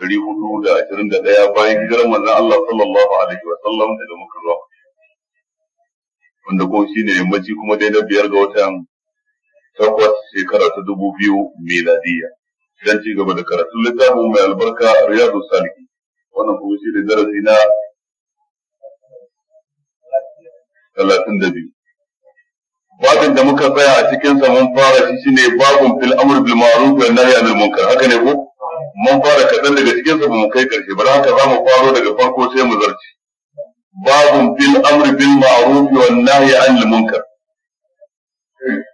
dari hudu da ashirin da ɗaya bayan hijirar manzon Allah sallallahu alaihi wa sallam daga Makka zuwa wanda ko shi ne yammaci kuma daidai biyar ga watan takwas shekara ta dubu biyu miladiya dan ci gaba da karatun littafin mai albarka Riyadu Salihin wannan kuma shi ne darasi na talatin da biyu babin da muka tsaya a cikin sa mun fara shi shine babun fil amr bil ma'ruf wa nahy anil munkar haka ne ko mun fara kadan daga cikin sa mu kai karshe bari haka zamu faro daga farko sai mu zarci babun fil amr bil ma'ruf wa nahy anil munkar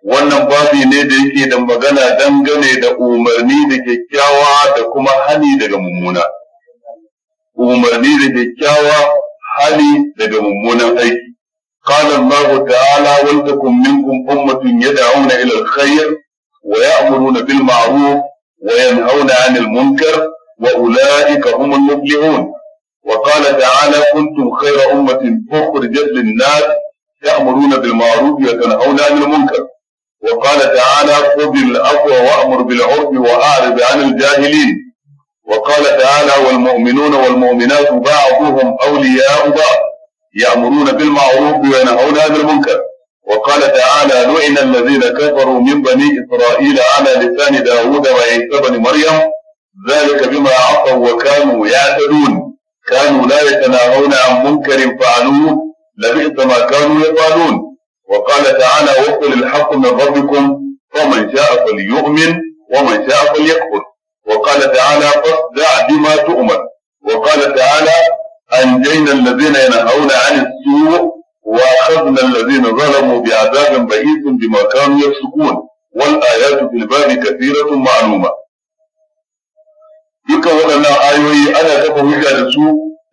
wannan babi ne da yake da magana dangane da umarni da kyakkyawa da kuma hani daga mummuna umarni da kyakkyawa hali daga mummunan aiki قال الله تعالى ولتكن منكم أمة يدعون إلى الخير ويأمرون بالمعروف وينهون عن المنكر وأولئك هم المفلحون وقال تعالى كنتم خير أمة أخرجت للناس تأمرون بالمعروف وتنهون عن المنكر وقال تعالى خذ العفو وأمر بالعرف وأعرض عن الجاهلين وقال تعالى والمؤمنون والمؤمنات بعضهم أولياء بعض يأمرون بالمعروف وينهون عن المنكر وقال تعالى لعن الذين كفروا من بني إسرائيل على لسان داود وعيسى بن مريم ذلك بما عصوا وكانوا يعتدون كانوا لا يتناهون عن منكر فعلوه لبئس ما كانوا يفعلون وقال تعالى وقل الحق من ربكم فمن شاء فليؤمن ومن شاء فليكفر وقال تعالى فاصدع بما تؤمر وقال تعالى أنجينا الذين ينهون عن السوء وأخذنا الذين ظلموا بعذاب بئيس بما كانوا يفسقون والآيات في الباب كثيرة معلومة duka waɗannan ayoyi ana tafa hujja da su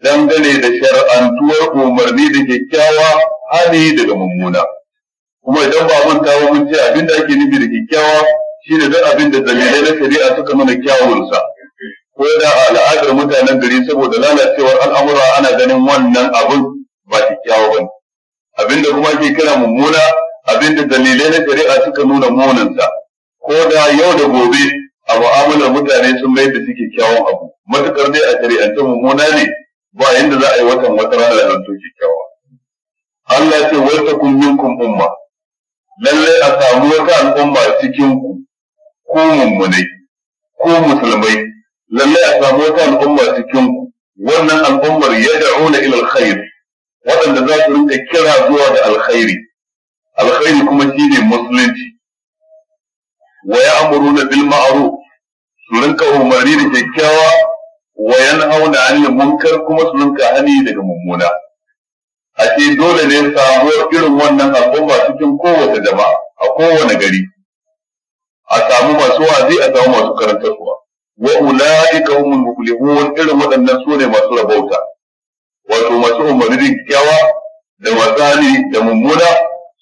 dangane da shar'antuwar umarni da kyakkyawa hali daga mummuna kuma idan ba mun tawo mun ce abin da ake nufi da kyakkyawa shine duk abin da dalilai na shari'a suka nuna kyawunsa ko da al'adar mutanen gari saboda lalacewar al'amura ana ganin wannan abun ba kyakkyawa ba ne abinda kuma ke kira mummuna abinda dalilai na shari'a suka nuna munanta ko da yau da gobe a mu'amalar mutane sun mai da shi kyakkyawan abu matukar dai a shari'ance mummuna ne ba yanda za a yi watan wata rana da zanto kyakkyawa Allah ya ce wal takum minkum umma lalle a samu wata al'umma cikin ku ko mummunai ko musulmai lallai a samu wata al'umma cikin wannan al'ummar ya da'una ila waɗanda za su rinka kira zuwa da alkhairi alkhairi kuma ne musulunci wa ya'muruna bil ma'ruf su rinka umarni da kyakkyawa wa yanhauna 'anil munkar kuma su rinka hani daga mummuna ashe dole ne samuwar irin wannan al'umma cikin kowace jama'a a kowane gari a samu masu wazi a samu masu karantarwa wa ulaika humul muflihun irin waɗannan su masu rabauta wato masu umarnin kyawa da matsani da mummuna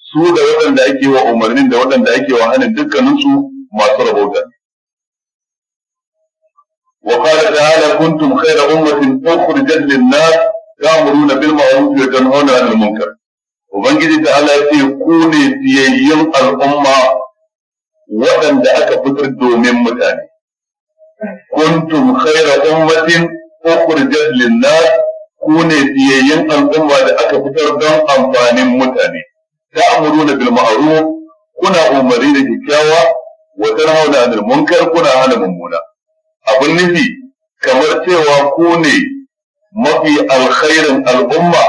su da waɗanda ake wa umarnin da waɗanda ake wa hanin dukkaninsu masu rabauta wa qala ta'ala kuntum khayra ummatin ukhrijat lin-nas ta'muruna bil ma'ruf wa tanhauna 'anil munkar ubangiji ta'ala ya ce ku ne al'umma waɗanda aka fitar domin mutane kuntum khayra ummatin ukhrijat lin-nas ku ne al'umma da aka fitar don amfanin mutane ta'muruna bil ma'ruf kuna umarni da kyakkyawa wa tanhauna 'anil munkar kuna hana mummuna abun nufi kamar cewa ku ne mafi alkhairin al'umma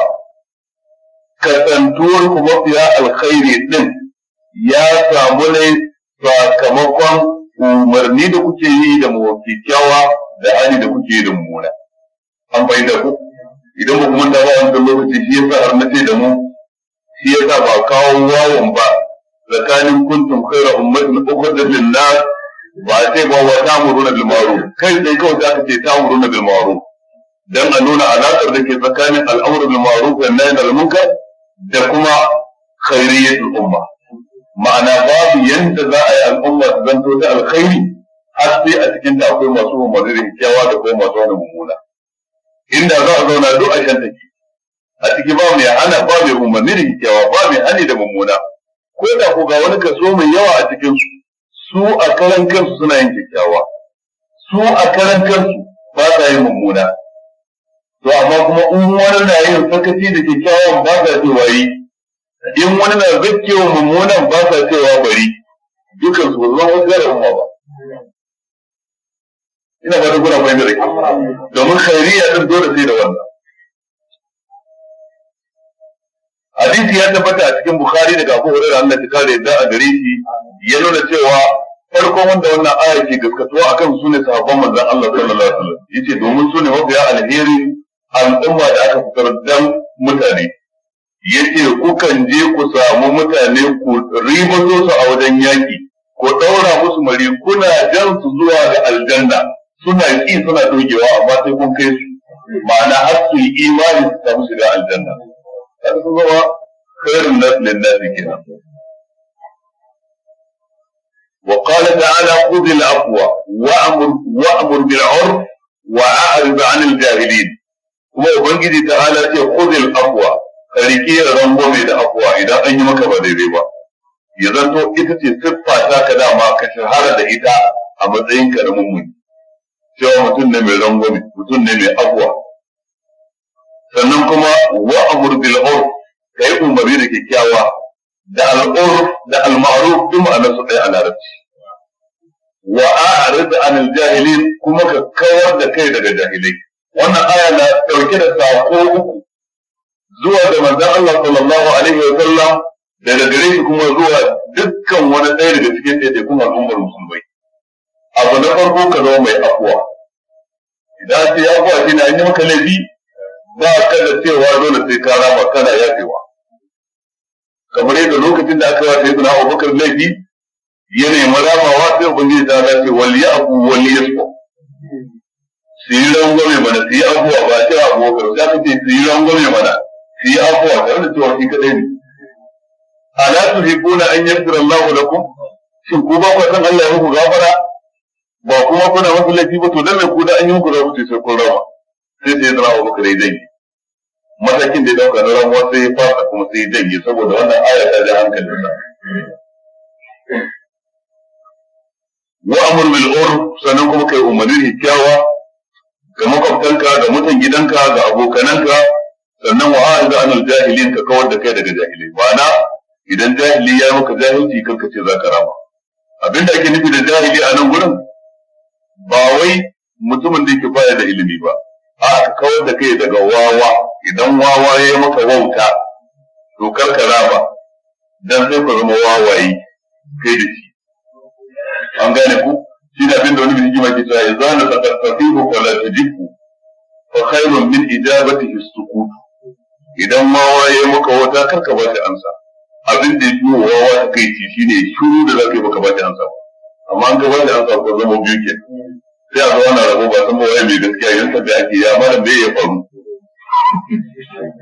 kasantuwar ku mafiya alkhairi din ya samu ne sakamakon umarni da kuke yi da kyakkyawa da hali da kuke yi da mummuna an fahimta ku idan ba kuma da ba wancan lokaci shi har na da mu shi sa ba kawo wawan ba tsakanin kuntum khaira ummatin ukhrijat lin-nas ba sai ba wa ta'muruna bil ma'ruf kai dai kawai za ka ce ta'muruna bil ma'ruf dan a nuna alaƙar da ke tsakanin al'amru bil ma'ruf wa nahy anil munkar da kuma khairiyyatul umma ma'ana babu yadda za a yi al'umma su zanto ta alkhairi har sai a cikin ta akwai masu umarni da kyakkyawa da kuma masu wani mummuna inda za a zauna duk a shan take a ciki ba mai hana ba mai umarni da kyakkyawa ba mai hani da mummuna ko da ko ga wani kaso mai yawa a cikin su su a karan kansu suna yin kyakkyawa su a karan kansu ba sa yin mummuna to amma kuma in wani na yin sakaci da kyakkyawan ba sa cewa yi in wani na zakkewa mummunan ba sa cewa bari dukkan su zan wasu da umma ba ina ba da gura mai da rikin. domin khairiyya ɗin dole sai da wannan hadisi ya tabbata a cikin bukhari daga abu hurairah Allah ya kare da a gare shi ya nuna cewa farkon wanda wannan aya ke gaskatuwa akan sune ne sahabban manzon Allah sallallahu alaihi wasallam yace domin sune ne mafiya alheri al'umma da aka fitar dan mutane yace kukan je ku samu mutane ku ribato su a wajen yaki ku ɗaura musu mari kuna jan su zuwa ga aljanna suna ƙi suna dogewa amma sai kun kai su ma'ana har su yi imani su samu shiga aljanna Kar su zama khairun nas lin nas kenan وقال تعالى wa العفو وأمر وأمر بالعرف kuma عن الجاهلين. وبنجد تعالى خذ العفو riƙe rangwame da afuwa idan an yi maka ba daidai ba ya zanto ita ce siffa ta ka dama ka shahara da ita a matsayin ka mu mummuni cewa mutum ne mai rangwame mutum ne mai afuwa sannan kuma wa amur bil urf ka yi umarni da kyakkyawa da al'urf da al-ma'ruf duk ma'anar su ɗaya a larabci wa a'rid anil jahilin kuma ka kawar da kai daga jahilai wannan aya na ɗauke da sako uku zuwa da manzan Allah sallallahu alaihi wa sallam daga gare shi kuma zuwa dukkan wani ɗaya daga cikin kuma al'ummar musulmai abu na farko ka zama mai afuwa idan sai afuwa shi na yi maka laifi ba ka da cewa dole sai ka rama kana yafewa kamar yadda lokacin da aka wata yadda na abubakar laifi ya nemi sai ubangiji ta dace wali ya abu wali ya so su yi rangwame mana su yi abuwa ba ce ka ta ce su yi rangwame mana shi yi afuwa tare da cewa shi kadai ne A ala tuhibuna an yi yaghfira da lakum shin ku ba ku san Allah ya muku gafara ba kuma kuna masa laifi ba to dan me ku da an yi muku zalunci sai kun rama sai sai da rawa bakare dan yi matakin da ya ɗauka na ramuwa sai ya fasa kuma sai ya janye saboda wannan aya ta ji hankalinsa wa'amur bil urf sannan kuma kai umarni kyakkyawa ga makwabtanka ga mutan gidanka ga abokananka sannan wa a'rid anil jahilin ka kawar da kai daga jahilai ma'ana idan jahili ya maka jahilci karka ce zaka rama abinda ake nufi da jahili a nan gurin ba wai mutumin da yake baya da ilimi ba a kawar da kai daga wawa idan wawa ya maka wauta to karka rama dan sai ka zama wawaye kai da shi an gane ku shi da abinda wani bijima ke cewa ya zana ta tafihu ko la tajibu fa khairun min ijabatihi sukut idan ma waye maka wata kar ka bata ansa abin da yake wa wawa kai ci shine shiru da zaka yi baka bashi ansa amma an ka bata ansa ko zama biyu ke sai a zo ana rabo ba san waye mai gaskiya yanka da ake ya mara me ya faru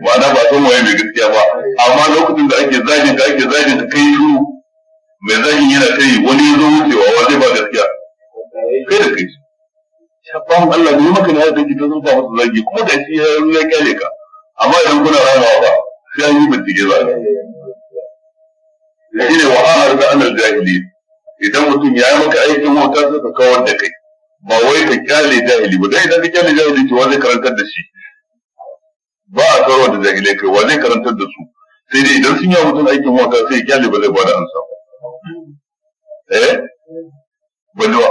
ma'ana ba san waye mai gaskiya ba amma lokacin da ake zagin da ake zagin da kai shiru mai zagin yana kai wani ya zo wucewa wa zai ba gaskiya kai da kai shabban Allah ne maka ne da kike ta ba masa zagi kuma da shi ya kyale ka amma idan kuna rama ba sai an yi bincike ba shi ne wa a'ar da anar jahili idan mutum ya yi maka aikin wanka, sai ka kawar da kai ba wai ka kyale jahili ba dai idan ka kyale jahili ce wa karantar da shi ba a karo da jahilai kai wa karantar da su sai dai idan sun yi mutum aikin wanka, sai kyale ba zai bada amsa ba eh balwa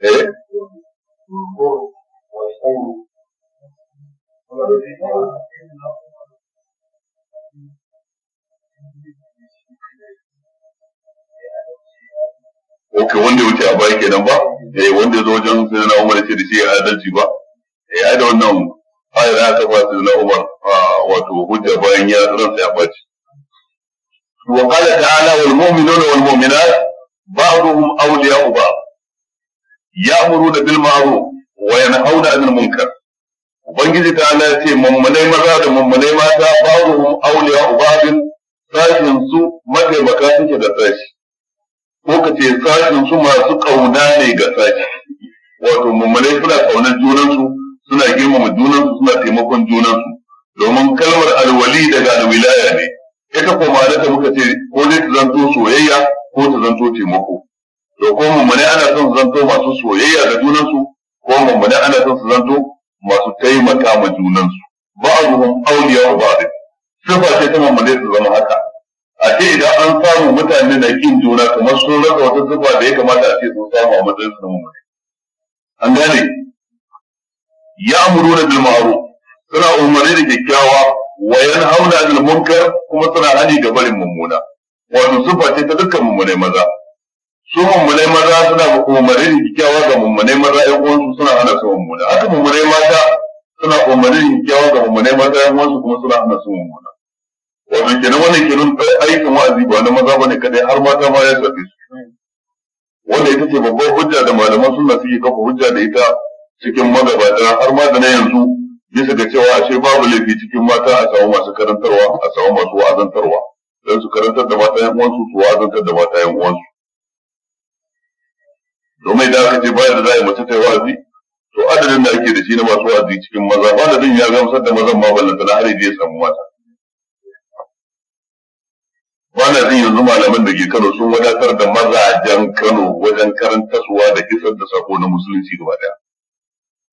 eh Ok, wanda ya wuce a baya kenan ba, eh wanda ya zo wajen sai na Umar ya ce da shi adalci ba, eh ai da wannan aya za ta ba sai na Umar wato hujja bayan ya ran sai a baci. Wa qala ta'ala wal mu'minuna wal mu'minat ba'duhum awliya'u ba'd ya'muruna bil ma'ruf wa yanhauna 'anil munkar ubangiji ta Allah ya ce mummunai maza da mummunai mata ba'dhum awliya ba'dhin sajin su mataimaka suke da sashi ko ka ce su masu kauna ne ga sashi wato mummunai suna kaunar junansu suna girmama junansu suna taimakon junansu domin kalmar alwali daga alwilaya ne ita ko ma da muka ce ko ne ta zanto soyayya ko ta zanto taimako to ko mummune ana son su zanto masu soyayya da junansu ko mummune ana son su zanto masu taimaka ma junansu ba'dhum awliya wa ba'd sifa ce ta mummune su zama haka a ce idan an samu mutane na kin juna kamar sun rasa wata sifa da ya kamata a ce sun samu a matsayin su na mummune an gane da bil ma'ruf suna umarni da kyakkyawa wa yanhauna 'anil munkar kuma suna hani da barin mummuna wato sifa ce ta dukkan mummune maza su mummunai maza suna da kyakkyawa ga mummunai maza ƴan uwansu suna hana su mummuna haka mummunai mata suna da kyakkyawa ga mummunai maza ƴan uwansu kuma suna hana su mummuna wato kenan wannan kenan aikin wa'azi ba na maza bane kadai har mata ma ya shafe su wanda ita ce babbar hujja da malaman suna suke kafa hujja da ita cikin magabata har ma da na yanzu bisa ga cewa ashe babu laifi cikin mata a samu masu karantarwa a samu masu wa'azantarwa don su karantar da mata ƴan uwansu su wa'azantar da mata ƴan uwansu domin da aka ce baya da za a yi mace ta yi wa'azi to adadin da ake da shi na masu wa'azi cikin maza ba da ya gamsar da mazan ma ballanta na har ya samu mata ba na jin yanzu malaman da ke Kano sun wadatar da mazajen Kano wajen karantarwa da isar da sako na musulunci gaba daya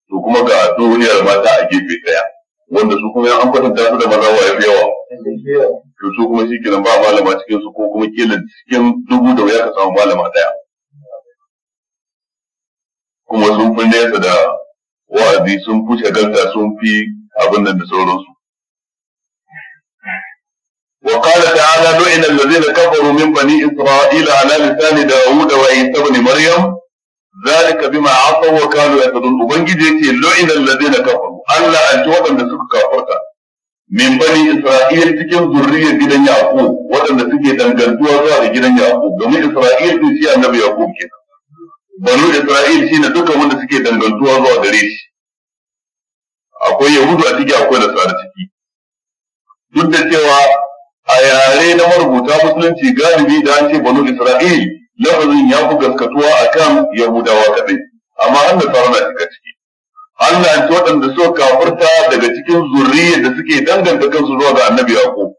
to kuma ga duniyar mata a gefe daya wanda su kuma an kwatanta su da maza wa yawa to su kuma shi kenan ba malama cikin su ko kuma kila cikin dubu da wuya ka samu malama daya kuma sun fi nesa da wa'azi sun fi shagalta sun fi abin da sauransu. Wa kala ta ala nu'in allazi da kafaru min bani Isra'ila ala lisani da Wuda da Isa bani Maryam, zalika bi ma asa wa kalu ya tadun Ubangiji ya ce nu'in allazi da kafaru, Allah an ci waɗanda suka kafarta. Min bani Isra'il cikin zurriyar gidan Yaƙub, waɗanda suke dangantuwa zuwa a gidan Yaƙub, domin Isra'il sun ci annabi Yaƙub kenan. banu isra'il shine dukkan wanda suke dangantuwa zuwa gare shi akwai yahudu a ciki akwai nasara ciki duk da cewa a yare na marubuta musulunci galibi da an ce banu isra'il lafazin ya fi gaskatuwa a kan yahudawa kaɗai amma an tsara na cika ciki Allah ya waɗanda suka kafurta daga cikin zurriya da suke danganta kansu zuwa ga annabi Yaqub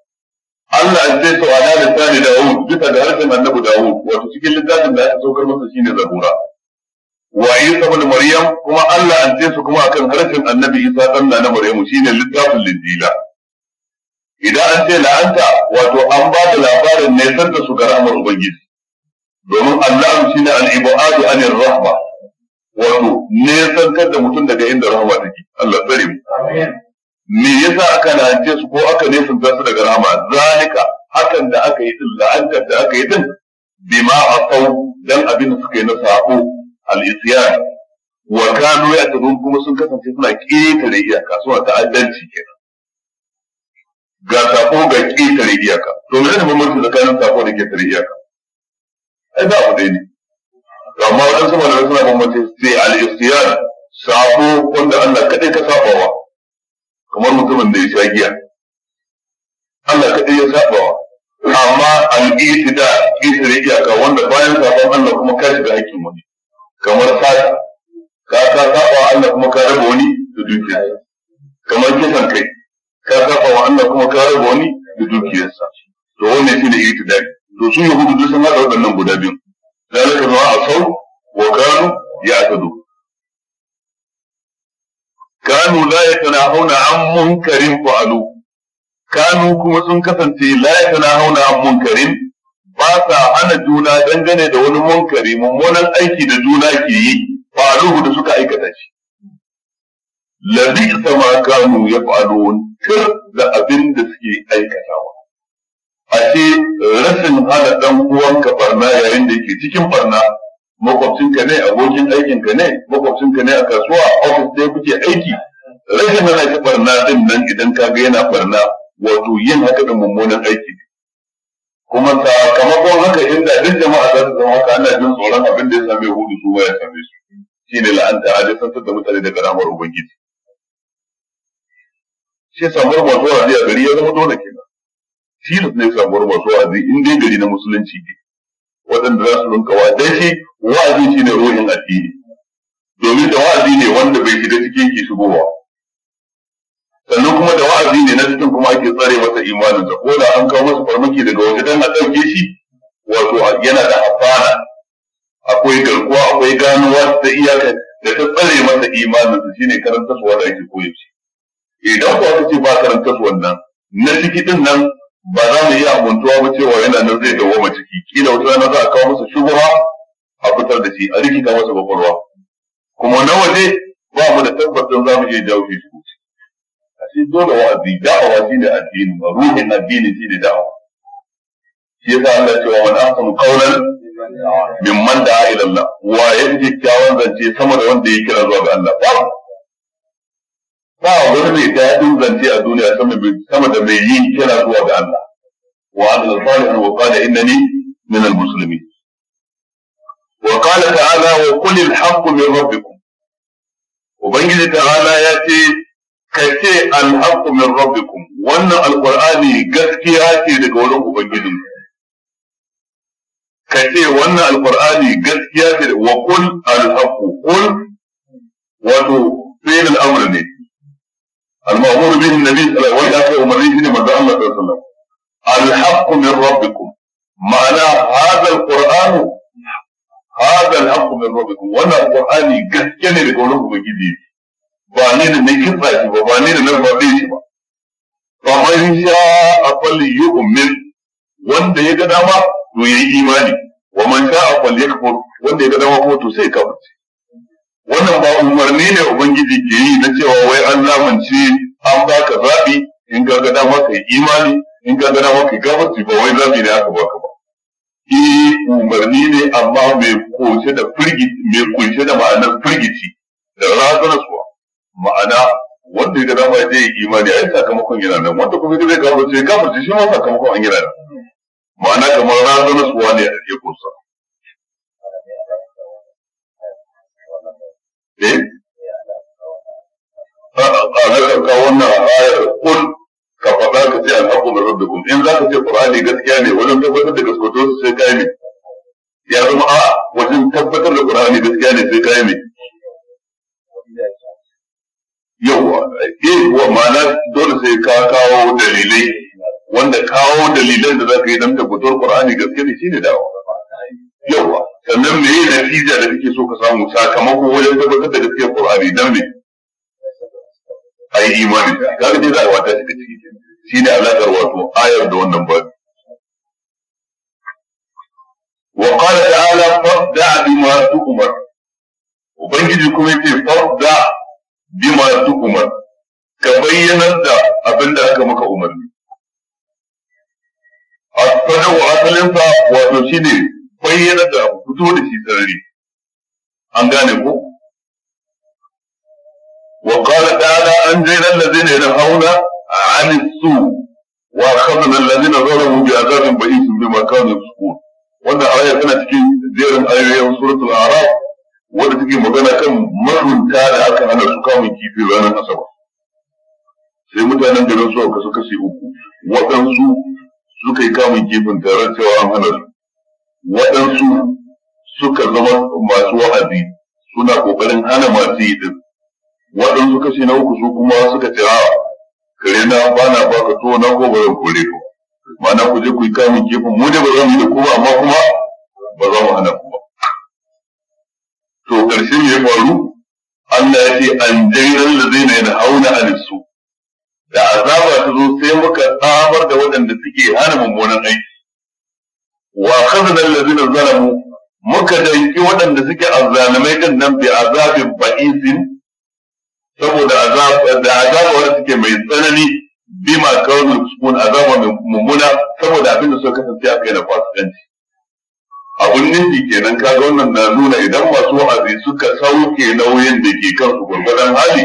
Allah ya sai su ala da sani dawo, bisa ga harshen annabi dawo. wato cikin littafin da aka saukar masa shine Zabura Waye Isa ibn Maryam kuma Allah an ce su kuma akan harshen Annabi Isa dan na Maryam shine littafin Linjila idan an ce la'anta wato an ba da labarin ne sanda su ga rahmar Ubangiji domin Allah shine al-ibadu anir rahma wato ne san da mutum daga inda rahma take Allah tsare mu me yasa aka la'ance su ko aka nesanta su daga rahma zalika hakan da aka yi din la'antar da aka yi din bima asau dan abin da suka yi na sako al-isyan wa kanu ya'tadun kuma sun kasance suna ƙetare iyaka suna ta'addanci kenan ga sako ga ƙetare iyaka to me ne su tsakanin sako da ƙetare iyaka ai da abu ne amma wajen sama da suna bambanci sai al-isyan sako wanda Allah kadai ka sabawa kamar mutumin da ya sha giya Allah kadai ya sabawa amma al-itida ƙetare iyaka wanda bayan sabon Allah kuma ka shiga hakkin wani kamar sata ka ka saba wa Allah kuma ka raba wani da dukiyarsa kamar kisan kai ka saba wa Allah kuma ka raba wani da dukiyarsa to wannan shine itidali to su yahudu duk sun hada waɗannan guda biyu zalika ma asau wa kanu ya'tadu kanu la yatanahuna an munkarin fa'alu kanu kuma sun kasance la yatanahuna an munkarin ba sa hana juna dangane da wani munkari mummunan aiki da juna ke yi faruhu da suka aikata shi labi ma kanu ya faru tir da abin da suke aikatawa a ce rashin hana dan uwanka barna yayin da yake cikin barna ka ne abokin aikinka ne ka ne a kasuwa ofis ɗaya kuke aiki rashin hana shi barna din nan idan ka ga yana barna wato yin haka da mummunan aiki ne kuma sakamakon haka inda duk jama'a za su zama haka ana jin tsoron abin da ya same hudu su ya same su shi ne la'anta a jisantar da mutane daga ramar ubangiji shi samuwar masu wazi a gari ya zama dole kenan tilas ne samuwar masu wazi in dai gari na musulunci ne waɗanda za su rinka wa'azi shi wa'azi shi ne ruhin addini domin da wa'azi ne wanda bai shiga cikin ki shigowa sannan kuma da wa'azi ne na cikin kuma ake tsare masa imanin da ko an kawo masa farmaki daga waje dan a ɗauke shi wato yana da afana akwai garkuwa akwai ganuwa ta iyaka da ta tsare masa imanin su shine karanta su wanda ake koyi shi idan ko aka ce ba karanta su wannan na ciki din nan ba za mu iya amuntuwa ba cewa yana nan zai dawoma ciki kila wata rana za a kawo masa shugaba a fitar da shi a rikita masa kwakwalwa kuma na waje ba mu da tabbatar za mu iya jawo shi sai dole wa'azi da'awa shine addini ruhin addini shine da'awa shi yasa Allah cewa man ahsanu qawlan mimman da'a ila Allah wa yafi kyawun zance sama da wanda ya kira zuwa ga Allah ba ba wani mai daɗin zance a duniya sama da mai yin kira zuwa ga Allah wa amila salihan wa qala innani min al-muslimin wa qala ta'ala wa qul al-haqqu min rabbikum ubangiji ta'ala ya ce ka ce alhaqqu min rabbikum wannan alqur'ani gaskiya ce daga wurin ubangijin ka ce wannan alqur'ani gaskiya ce wa qul alhaqqu qul wato fi'l al-amr ne al-ma'mur bihi an-nabi sallallahu alaihi wa sallam umarni ne manzo Allah sallallahu sallam alhaqqu min rabbikum ma'ana hadha alqur'anu hadha alhaqqu min rabbikum wannan alqur'ani gaskiya ne daga wurin ubangijin ba da na kitsa shi ba ba da na zaɓe shi ba kamar ya a falli yi ummin wanda ya ga dama to ya yi imani wa man sha a falli ya kafar wanda ya ga dama ko to sai kafirce wannan ba umarni ne ubangiji ke yi na cewa wai an lamunce an baka zaɓi in ka ga dama ka yi imani in ka ga dama ka yi ba wai zaɓi ne aka baka ba eh umarni ne amma mai kunshe da firgici mai kunshe da ma'anar firgici da razana suwa ma'ana wanda ya dama ya je imani ai sakamakon yana nan wanda kuma ya zai kawo sai kafirce shi ma sakamakon an yana nan ma'ana kamar ranar suwa ne ya kusa eh a ga wannan ayar kun ka faɗa ka ce alhaqqu min rabbikum in za ka ce qur'ani gaskiya ne wajen tabbatar da gaskiyar sai kai ne ya zama a wajen tabbatar da qur'ani gaskiya ne sai kai ne yawwa kuwa eh, mana dole sai ka kawo dalilai wanda kawo dalilan da zaka yi dan tabbatar Qur'ani gaske ne shine dawa yawwa sannan me ne natija da kake so ka samu sakamako wajen tabbatar da gaskiyar Qur'ani dan me ai imani kaga dai za a wata shi ciki shine alakar wato ayar da wannan ba wa qala ta'ala fa'da bima tu'mar ubangiji kuma yace fa'da bima umar, ka bayyanar da abin da aka maka umarni asfadahu asalinsa wato ne bayyanar da abu fito da shi sarari an gane ko وقال تعالى أنجينا الذين ينهون عن السوء وأخذنا الذين ظلموا بعذاب بئيس بما كانوا يفسقون. وأن آية كانت في زير آية سورة Arab. wanda take magana kan marunta da aka hana su kamun kifi ranar asabar sai mutanen garin su kasu kashe uku waɗansu suka yi kamun kifin tare cewa an hana su waɗansu suka zama masu wa'azi suna ƙoƙarin hana masu yi din waɗansu kashe na uku su kuma suka ce a kare na ba na baka ka na ko ba zan kore ku ma'ana ku je ku yi kamun kifin mu da ba za mu yi da kuma amma kuma ba za mu hana ku ƙarshe me ya faru Allah ya ce an jairan da zai na da hauna alisu da azaba ta zo sai muka tsamar da waɗanda suke hana mummunan aiki wa khazana allazina zalamu muka danki waɗanda suke azzalumai din nan bi azabin ba'isin saboda azab da azaba wanda suke mai tsanani bima kawai sukun azaba mai mummuna saboda abin da suka kasance a kai na fasikanci abun nufi kenan ga wannan na nuna idan masu wa'azi suka sauke nauyin da ke kan su gwargwadon hali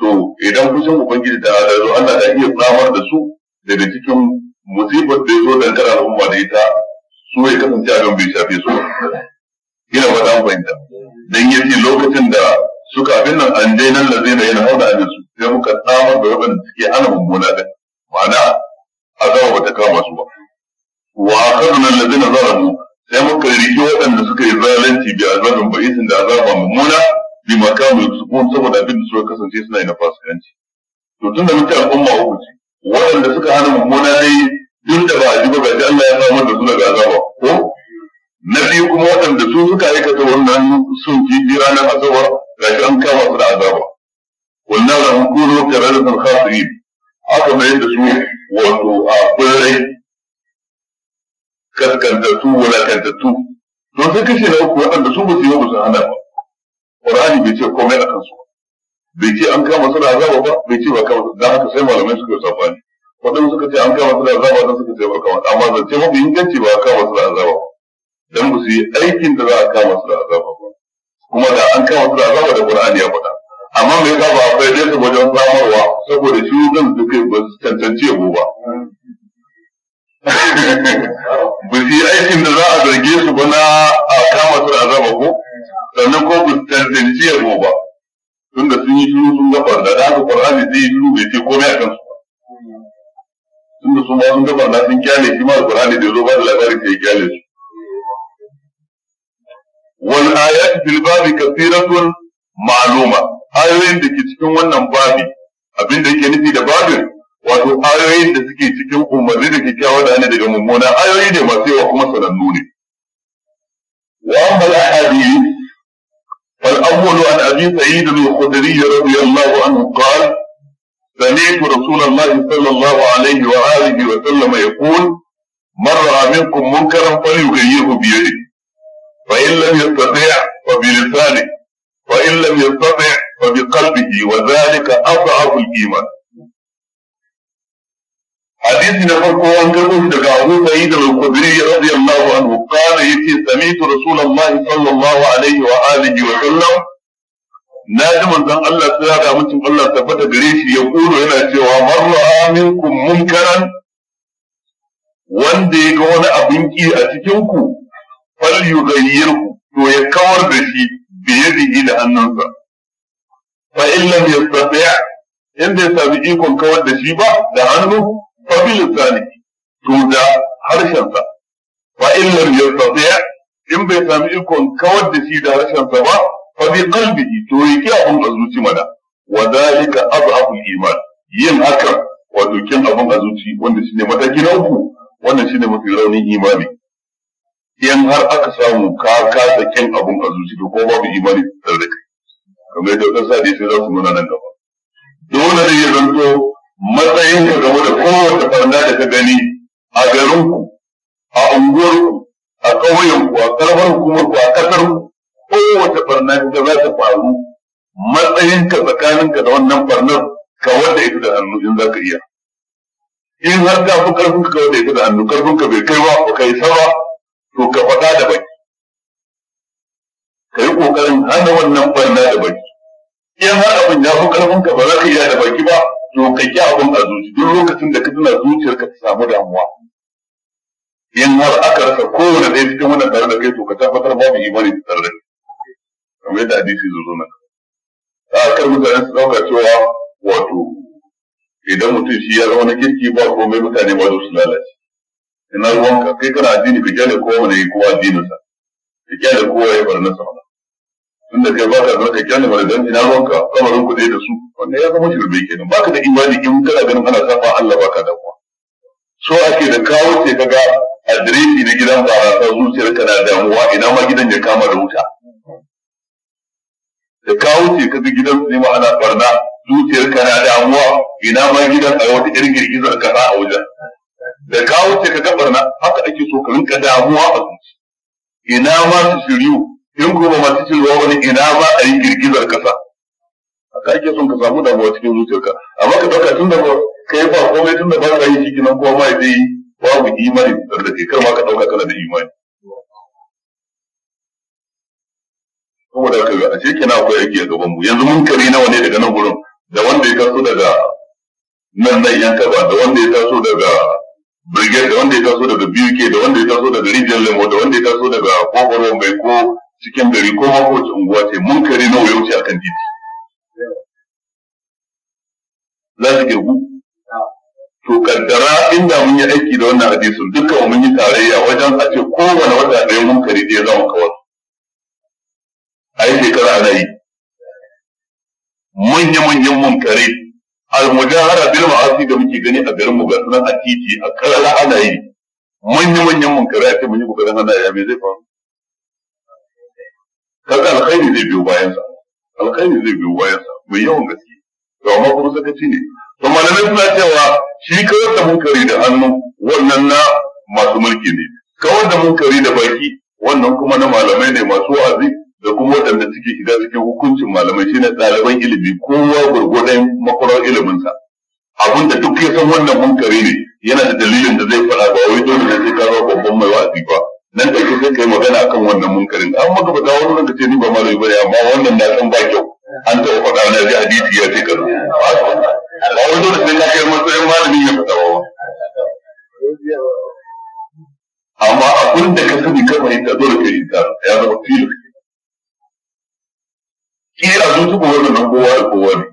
to idan kusan ubangiji da ala zo Allah da iya tsamar da su daga cikin musibar da ya zo dankar al'umma da ita su ya kasance abin bai shafe su ba ina ba dan fahimta dan yace lokacin da suka abin nan an dai nan da yana hauna a su sai muka tsamar da waɗanda suke hana mummuna da ma'ana azaba bata kama su ba wa akhadna allazina zalamu sai muka riki waɗanda suka yi zalunci bi azabin ba'isin da azaba mummuna bi makamu yusufun saboda abin da suka kasance suna yi na fasikanci to tunda muke al'umma uku ce waɗanda suka hana mummuna dai duk da ba a ji ba ga Allah ya samar da su daga azaba ko na biyu kuma waɗanda su suka aikata wannan sun ji jira na an kama su da azaba wannan ramin kuro kare da sarkasirin aka mai da su wato a birrai kaskantattu wulakantattu to sai kashe na uku waɗanda su ba yi ba su hana ba Qur'ani bai ce komai a kansu ba bai ce an kama su da azaba ba bai ce ba kama su dan haka sai malamai suka yi sabani waɗanda suka ce an kama su da azaba dan suka ce ba kama amma zance mafi inganci ba a kama su da azaba ba dan ba su yi aikin da za a kama su da azaba ba kuma da an kama su da azaba da Qur'ani ya faɗa amma mai yasa ba a fayyade su wajen samarwa saboda shi zan duka ba su tantance ba ba su yi aikin da za a zarge su ba na a kama su da azaba ko sannan ko ba su tantance zo ba tunda sun yi shiru sun ga farda da haka ne zai yi shiru bai ce komai a kansu tunda sun da sun ga farda sun kyale shi ma ne da zo ba da labari sai kyale su wal ayat fil babi kathiratun ma'luma ayoyin da ke cikin wannan babi abin da yake nufi da babin wato ayoyin da suke cikin umarni da kyakkyawa da daga mummuna ayoyi ne masu yawa kuma sanannu ne wa amma al-ahadith fal awwalu an abi sa'id al-khudri radiyallahu anhu سمعت رسول الله صلى الله عليه وآله وسلم يقول من رأى منكم منكرا فليغيره بيده فإن لم يستطع فبلسانه وإن لم يستطع فبقلبه وذلك أضعف الإيمان hadisi na farko an karbo shi daga Abu Sa'id al-Khudri radiyallahu anhu kana yace sami'tu Rasulullah sallallahu alaihi wa alihi wa sallam na ji manzon Allah sai da mutum Allah tabbata gare shi ya kuro yana cewa man ra'a minkum munkaran wanda ya ga wani abin ki a cikin ku fal yughayyirhu to ya kawar da shi biyadihi da hannunsa fa in yastati' inda bai sami ikon kawar da shi ba da hannu fabilisani to da harshensa fa in lam yastati in bai sami ikon kawar da shi da harshensa ba fa bi qalbihi to yake abun a zuci mana wa zalika adhafu iman yin hakan wato kin abun a zuci wanda shine mataki na uku wannan shine mafi raunin imani in har aka samu kaka kasa kin abun a ko babu imani tare da kai kamar yadda wadansu hadisi za su nuna nan gaba dole ne ya zanto matsayin ka game da kowace farna da ka gani a garinku a unguwarku a ƙauyenku a ƙarfar hukumarku a ƙasar kowace farna da za ta faru matsayinka tsakaninka da wannan farnar ka wanda ita da hannu in za ka iya in har ka fi ƙarfin ka wanda ita da hannu ƙarfin ka bai kai ba ba kai sawa to ka faɗa da baki ka yi ƙoƙarin hana wannan farna da baki in har abin ya fi ƙarfin ka ba za ka iya da baki ba to ka ki abin a zuci duk lokacin da ka tuna zuciyarka ta samu damuwa in har aka rasa kowane ɗaya cikin wannan tare da kai to ka tabbatar babu imani da tare da kai kamar yadda hadisi zo zo nan a kan mutane su ɗauka cewa wato idan mutum shi ya zama na kirki ba komai mutane ba su lalace ina ruwanka kai kana addini ka kyale kowa ne kowa addininsa ka kyale kowa ya bar na sama. inda kai ba ka zama kai kyale mara don ina ruwanka kamarin ku da su wanda ya zama shirme kenan ba ka da imani in kana ganin ana safa Allah ba ka damuwa so ake da kawo ce kaga adireshi na gidan barasa zuciyar ka na damuwa ina ma gidan ya kama da wuta da kawo ce kaga gidan su ne ma ana barna zuciyar ka na damuwa ina ma gidan a wata irin girgizar kasa a wajen da kawo ce kaga barna haka ake so ka rinka damuwa a zuci ina ma su shiryu in kuma masu cewa wani ina ma a yi girgizar kasa haka ake son ka samu damuwa cikin zuciyarka amma ka ɗauka tun da ba kai ba komai tun da ba ka yi shi nan, kuma ma ya yi babu imani da ke kar ma ka ɗauka kana da imani kuma da a ce kina akwai aiki a gaban mu yanzu mun kari nawa ne daga nan gurin da wanda ya taso daga nan nan yanka ba da wanda ya taso daga brigade da wanda ya taso daga ke da wanda ya taso daga Rijiyar Lemo da wanda ya taso daga Kofar mai ko cikin gari ko ma unguwa ce munkari nawa ya wuce akan titi za su girgu to kaddara inda mun yi aiki da wannan hadisin dukkan mun yi tarayya wajen a ce kowane wata ɗaya munkari da ya zama kawar a yi shekara ana yi manya-manyan munkari almujahara bil ma'asi da muke gani a garin mu ga sunan a titi a kalala ana yi manya-manyan munkari a ce mun yi kokarin hana ya me zai faru kaga alkhairi zai biyo bayan sa alkhairi zai biyo bayan sa mai yawan gaske to amma kuma sakaci ne to malamai suna cewa shi kawar da munkari da hannu wannan na masu mulki ne kawar da munkari da baki wannan kuma na malamai ne masu wa'azi da kuma waɗanda suke shiga cikin hukuncin malamai shine ɗaliban ilimi kowa gurgurdan makwarar iliminsa abinda duk ya san wannan munkari ne yana da dalilin da zai faɗa ba wai dole ne sai ka babban mai wa'azi ba nan da sai kai magana akan wannan munkarin an maka fada wani lokaci ni ba malami bane amma wannan na san ba kyau an taɓa faɗa na ji hadisi ya ce kaza ba wani lokaci na kai matsayin malami ya fada ba amma abin da ka sani ka ta dole kai ta ya zama Ki a zuci ko wannan nan kowa da kowa ne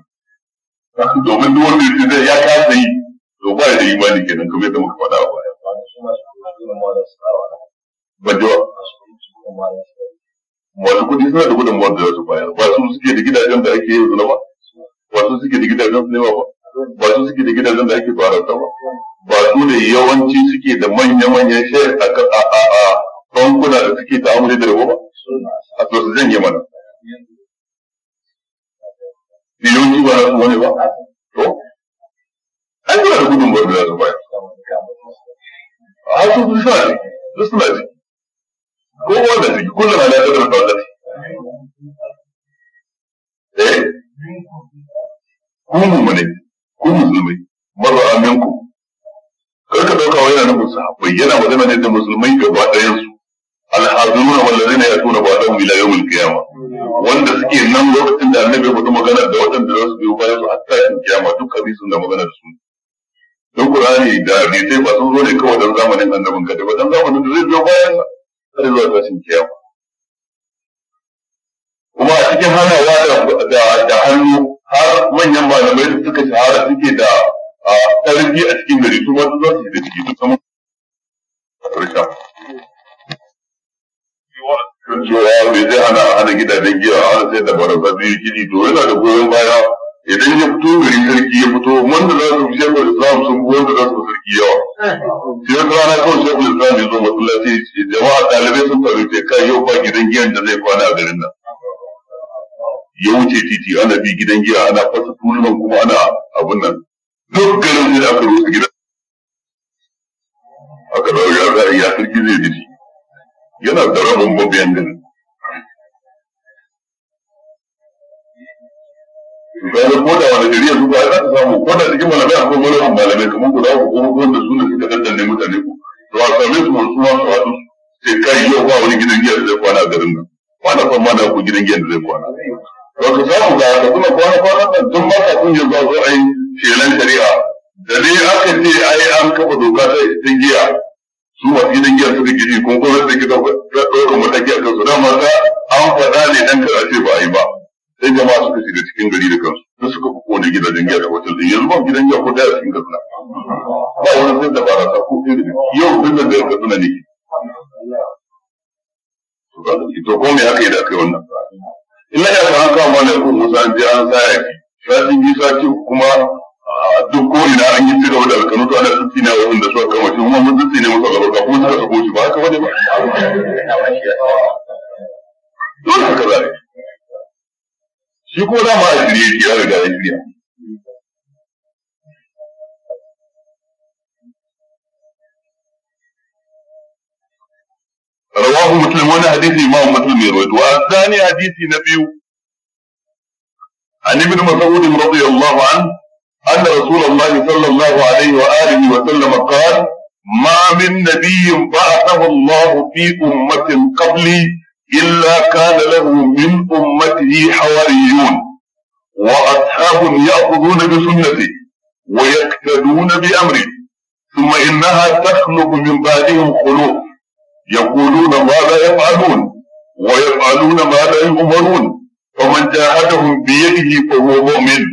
domin duk wanda ya ce ya ka yi to ba da imani kenan kamar yadda muka faɗa a ba da kuɗi suna da gudunmuwar da ba su suke da gidajen da ake yi zuna ba ba su suke da gidajen sinima ba ba su suke da gidajen da ake barata ba ba su ne yawanci suke da manya-manyan shayar a bankuna da suke ta'amuli da a to su yi mana yawanci ba su wani ba to an yi da gudunmuwar da a su suna ne su suna ne ko da ciki kullum ala da da da eh ku mu ne ku musulmai marra aminku kar ka dauka wai yana nufin sahabbai yana magana ne da musulmai gaba ɗayan su alhazuruna wallazina yatuna ba'dahum ila yawmil qiyamah wanda suke nan lokacin da annabi ya faɗi magana da waɗanda za su biyo bayan su hatta in kiyama duk hadisin da magana da su duk Qur'ani da hadisai ba sun zo ne kawai don zamanin annabin kadai ba don zamanin da zai biyo bayan sa har zuwa tashin kiyama kuma a cikin hanawa da hannu har manyan malamai da suka shahara suke da ƙarfi a cikin gari su wasu za su yi da ciki su samu ƙarshen cewa bai zai hana hana gidajen giya ana sai da barabar biyu gini to yana da goyon baya idan ya fito gari sarki ya fito wanda za su fi shekul islam sun fi wanda za su sarki yawa eh. sai wata na kawai shekul islam ya zo masallaci jama'a ɗalibai sun faru ce kai yau ba gidan giyan da zai kwana a garin nan ya wuce titi ana bi gidan giya ana fasa tuluman kuma ana abun nan duk garin ne aka rusa gidan aka rawar ya sarki zai dace yana da rabin mabiyan garin bayan ko da wani gari su ba za ta samu ko da cikin malamai a akwai malamin malamai kamar ku guda ku ko hudu wanda su ne suka daddanne mutane ku to a same su masu ma su haɗu sai kai yau ba wani gidan giya da zai kwana a garin nan kwana kwan ma da ku gidan giya da zai kwana ba ka samu ga ka kuma kwana kwana nan tun ba ka kun yanzu zo ai shelan shari'a da dai aka ce ai an kafa doka ta ita giya su masu gidan giya su suka gidi kuma gwamnati ta ɗaukar mataki a kansu dama ta an faɗa ne dan karatu ba a yi ba sai jama'a suka shiga cikin gari da kansu duk suka fi kowane gidajen giya da hotel din yanzu ba gidan giya ko daya cikin kaduna ba wani sai da barasa ko yau sun da zai kaduna ne to ko me aka yi da aka yi wannan ina ya san haka ma ne ko musa an je an sa ya sati biyu sati kuma duk ko ina an yi ci gaba da alkanu to ana tsitsi na wajen da suka kama shi kuma mun tsitsi ne musa albarka kuma suka sako shi ba haka bane ba dole haka zai shi ko dama a shirye shi ya riga ya shirya رواه مسلم وانا حديث امام مسلم يروي والثاني حديث نبي عن ابن مسعود رضي الله عنه ان رسول الله صلى الله عليه واله وسلم قال ما من نبي بعثه الله في امه قبلي إلا كان له من أمته حواريون وأصحاب يأخذون بسنته ويقتدون بأمره ثم إنها تخلق من بعدهم خلوق يقولون ما لا يفعلون ويفعلون ما لا يؤمرون فمن جاهدهم بيده فهو مؤمن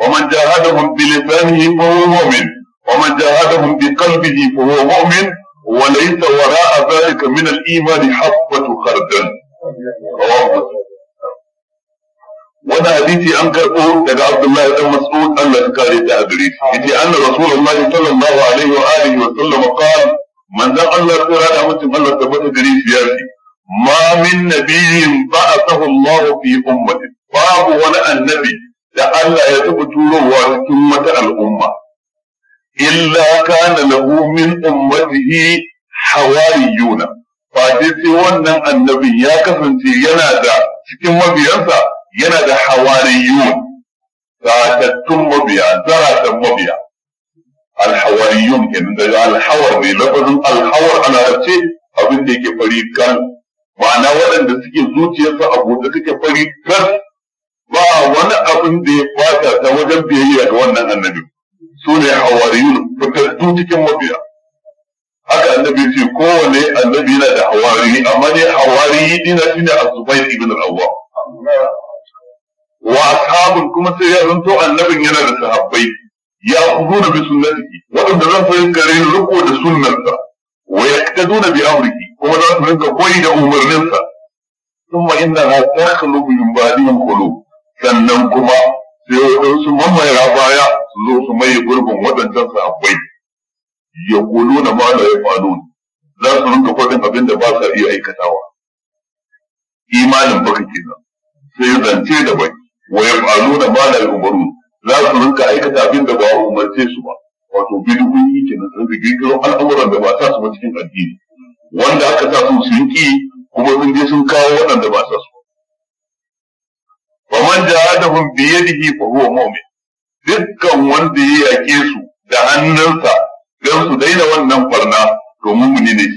ومن جاهدهم بلسانه فهو مؤمن ومن جاهدهم بقلبه فهو مؤمن وليس وراء ذلك من الإيمان حق fardan wani hadisi an karɓo daga Abdullahi dan Mas'ud Allah ya kare ta a gare shi yace anna rasulullahi sallallahu alaihi wa alihi wa sallam qala manzon Allah tsira da mutum Allah tabbata gare shi ya ce ma min nabiyyin ba'athahu Allah fi ummati babu wani annabi da Allah ya taɓa turowa cikin mata al'umma illa kana lahu min ummatihi hawariyuna fadi sai wannan annabin ya kasance yana da cikin mabiyansa yana da hawariyun tatattun mabiya zaratan mabiya alhawariyun kenan daga alhawar ne lafazin alhawar ana ce abin da yake fari kan ma'ana waɗanda suke zuciyarsa a buɗe suke fari kan ba wani abin da ya fata ta wajen biyayya ga wannan annabi su ne hawariyun fitattu cikin mabiya haka annabi ce kowane annabi yana da hawari amma ne hawari dina shine azubai zubayr ibn al wa ashabun kuma sai ya zanto annabin yana da sahabbai ya khuduna bi sunnatihi wadanda zan sai garin riko da sunnarsa wa yaqtaduna bi amrihi kuma za su rinka koyi da umarninsa thumma innaha takhluqu min ba'dihim qulub sannan kuma sai wadansu mamaye baya su zo su maye gurbin waɗancan sahabbai yaquluna ma la yaf'alun za su rinka faɗin abin da ba sa iya aikatawa imanin baka kenan sai zance da bai wa yaf'aluna ma la yu'marun za su rinka aikata abin da ba umarce su ba wato bid'o'i kenan sun rige kiro al'amuran da ba sa su ba cikin addini wanda aka sa su sun ki kuma sun je sun kawo waɗanda ba sa su ba man jahadahum bi yadihi fa huwa mu'min dukkan wanda ya yake su da hannunsa su daina wannan farna to na ne shi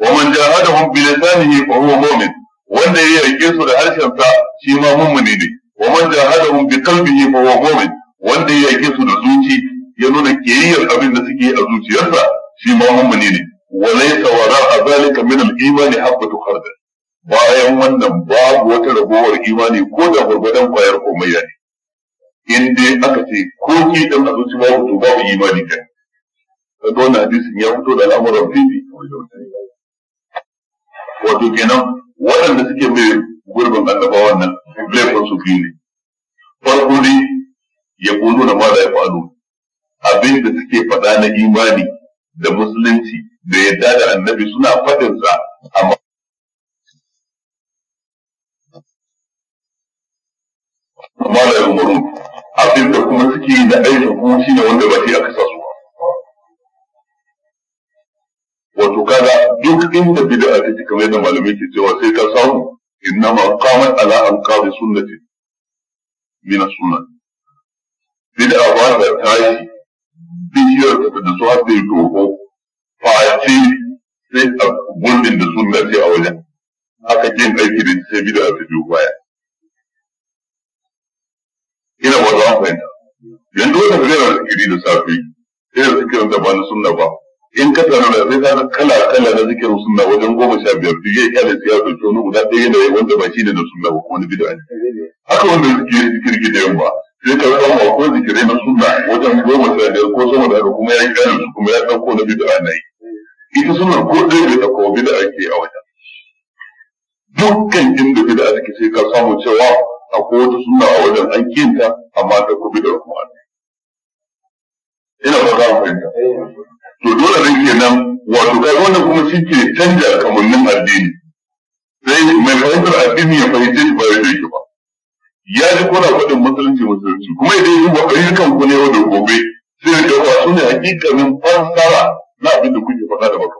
wa man jahadahum bi lisanihi fa huwa mu'min wanda ya yake su da harshen sa shi ma mumuni ne wa man jahadahum bi qalbihi fa huwa mu'min wanda ya yake su da zuci ya nuna kiyayyar abin da suke a zuciyarsa shi ma mumuni ne wa laysa wara'a zalika min al-imani habatu khardal bayan wannan babu wata ragowar imani ko da gwargwadon kwayar komai ne in dai aka ce ko ki dan a zuci babu to babu imani kai kaga wannan hadisin ya fito da al'amuran fifi wato kenan waɗanda suke mai gurbin annabawan nan laifin su biyu ne farko ne ya kulu na ma da ya faɗo. abin da suke faɗa na imani da musulunci da yadda da annabi suna faɗinsa a amma da umaru abin da kuma suke yi na aiki kuma shine wanda ba shi aka sa wato kaza duk inda bid'a take kamar yadda malamai ke cewa sai ka samu innama qamat ala anqabi sunnati min sunnah bid'a ba ta tashi bidiyar da su har da toho face sai a gurbin da sunna ce a wajen haka kin aiki da sai bid'a ta biyo baya ina ba za mu fahimta yanzu wata zai da zikiri da safe sai da zikirin da ba na sunna ba in ka tsara da sai kala kala na zikin sunna wajen goma sha biyar duk yayi kada sai da dauki wani guda ɗaya da wanda ba shi ne na sunna ba wani bid'a ne haka wanda zikiri zikiri ke da yamma sai ka zama ko zikirai na sunna wajen goma sha biyar ko sama da haka kuma ya yi karin su kuma ya ɗauko na bid'a ne ita sunna ko ɗaya da ɗauko bid'a ke a wajen dukkan inda bid'a take sai ka samu cewa akwai wata sunna a wajen an kinta amma da ku bid'a kuma ina ba za mu fahimta to dole ne nan, wato ga wannan kuma shi ke canja kamannin addini sai mai fahimtar addini ya fahimce shi ba ya ce shi ba ya ji kuna faɗin musulunci musulunci kuma idan yi kokari kan ku ne da gobe sai da ba su ne hakikanin fassara na abin da kuke faɗa da maka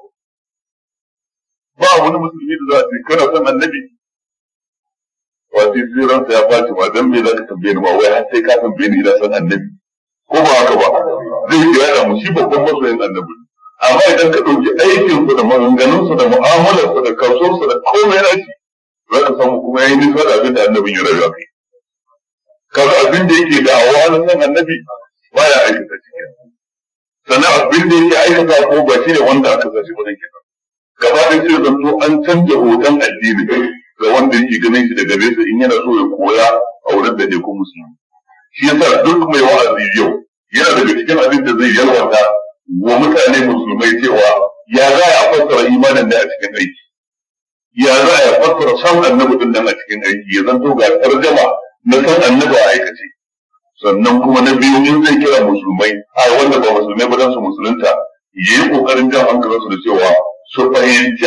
ba wani musulmi da za a ce kana son annabi wato sai ransa ya ɓaci ma dan me za ka tambaye ni ba wai har sai ka tambaye ni ina son annabi ko ba haka ba zai iya yada mu shi babban masoyin annabi amma idan ka ɗauki aikin su da maganganun su da mu'amalar su da kasuwar su da komai na shi za ka samu kuma ya yi nisa da abin da annabin ya rayu kai kaga abin da yake da'awa nan nan annabi ba baya aikata shi sannan abin da yake aikata ko ba shi ne wanda aka sashi ba dan kitab gaba da shi zanto an canza hoton addini ga wanda yake ganin shi daga nesa in yana so ya koya a wurin da ne ko musulmi shi yasa duk mai wa'azi yau yana daga cikin abin da zai yalwata wa mutane musulmai cewa ya za a fassara imanin da a cikin aiki ya za a fassara san annabi din nan a cikin aiki ya zanto ga tarjama na san annabi a aikace sannan kuma na biyu in zai kira musulmai a wanda ba musulmai ba dan su musulunta yayi kokarin jan hankalinsu da cewa su fahimci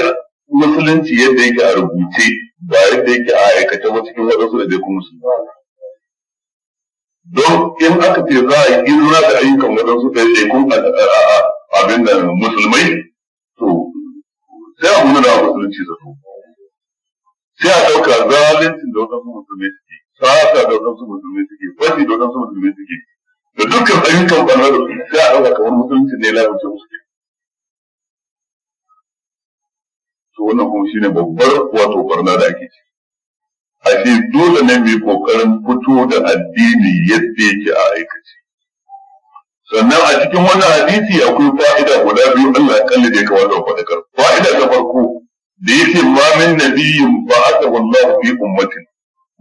musulunci yadda yake a rubuce ba yadda yake a aikace ba cikin wadansu da dai kuma musulmai don in aka ce za a yi izina da ayyukan waɗansu da ɗaiɗaikun abin da musulmai to sai a nuna da musulunci zato sai a ɗauka zalincin da waɗansu musulmai suke sata da waɗansu musulmai suke fashi da waɗansu musulmai suke da dukkan ayyukan ɓarnar da suke sai a ɗauka kamar musulunci ne lalace musulmai to wannan kuma shine babbar wato ɓarna da ake ci ashe dole ne mai yi kokarin fito da addini yadda yake a aikace sannan a cikin wannan hadisi akwai fa'ida guda biyu Allah kalli da ya kamata mu fa'ida ta farko da yake ma min nabiyyin ba wallahu fi ummatin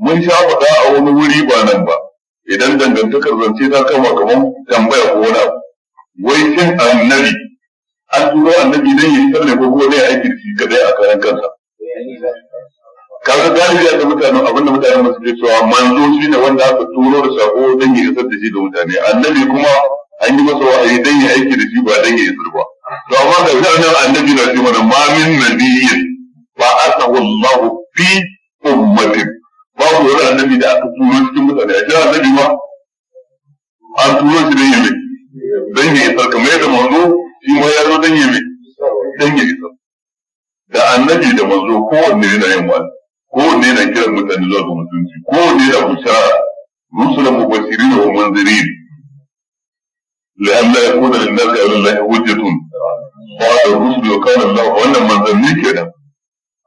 mun sha fada a wani wuri ba nan ba idan dangantakar zance ta kama kamar tambaya ko wani abu wai shin annabi an turo annabi dan yi sarrafa ko ne aiki shi kadai a karan kansa kaga galibi da mutanen abinda mutanen masu ke cewa manzo shine wanda aka turo da sako dan ya isar da shi da mutane annabi kuma an yi masa wa'ayi dan ya aiki da shi ba dan ya isar ba to amma da wannan annabi na ce mana ma min nabiyyi ba asahu Allah fi ba ko wani annabi da aka turo cikin mutane a cikin annabi ma an turo shi dan ya mai dan ya isar kamar yadda manzo shi ma ya zo dan ya mai dan ya isar da annabi da manzo kowanne yana yin wani kowanne na kiran mutane zuwa ga mutunci kowanne na bushara rusulan mubashirin wa munzirin la'alla yakuna lin-nasi 'ala Allahi hujjatun da rusul wa kana Allah wannan manzanni kenan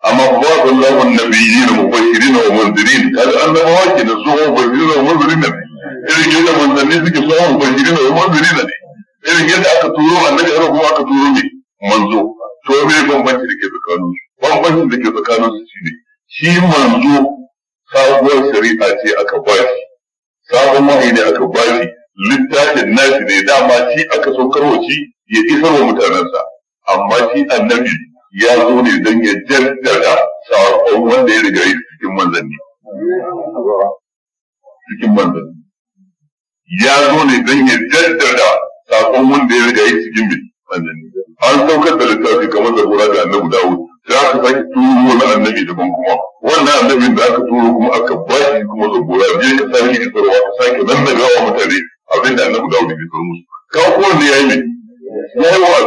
amma ba da Allah annabiyyin mubashirin wa zama kaga annabawa kenan su mubashirin wa munzirin ne irin yadda manzanni suke so mubashirin wa munzirin ne irin yadda aka turo annabi har kuma aka turo ne manzo to me bambanci da ke tsakanin su bambanci da ke tsakanin su shine shi manzo sabuwar shari'a ce aka bashi sabon wahayi ne aka bashi littafin nashi ne dama shi aka saukarwa shi ya isar wa mutanensa amma shi annabi ya zo ne don ya jaddada sabon wanda ya riga cikin manzanni cikin manzanni ya zo ne don ya jaddada sakon wanda ya riga cikin manzanni an saukar da littafi kamar da hura da annabi dawud sai aka sake turo wani annabi daban kuma wannan annabin da aka turo kuma aka ba shi kuma zabo ya je ka sake isarwa ka sake nan da gawa mutane abin da annabi dawo da ke tsoro musu ka kowanne ya yi ne ya yi wa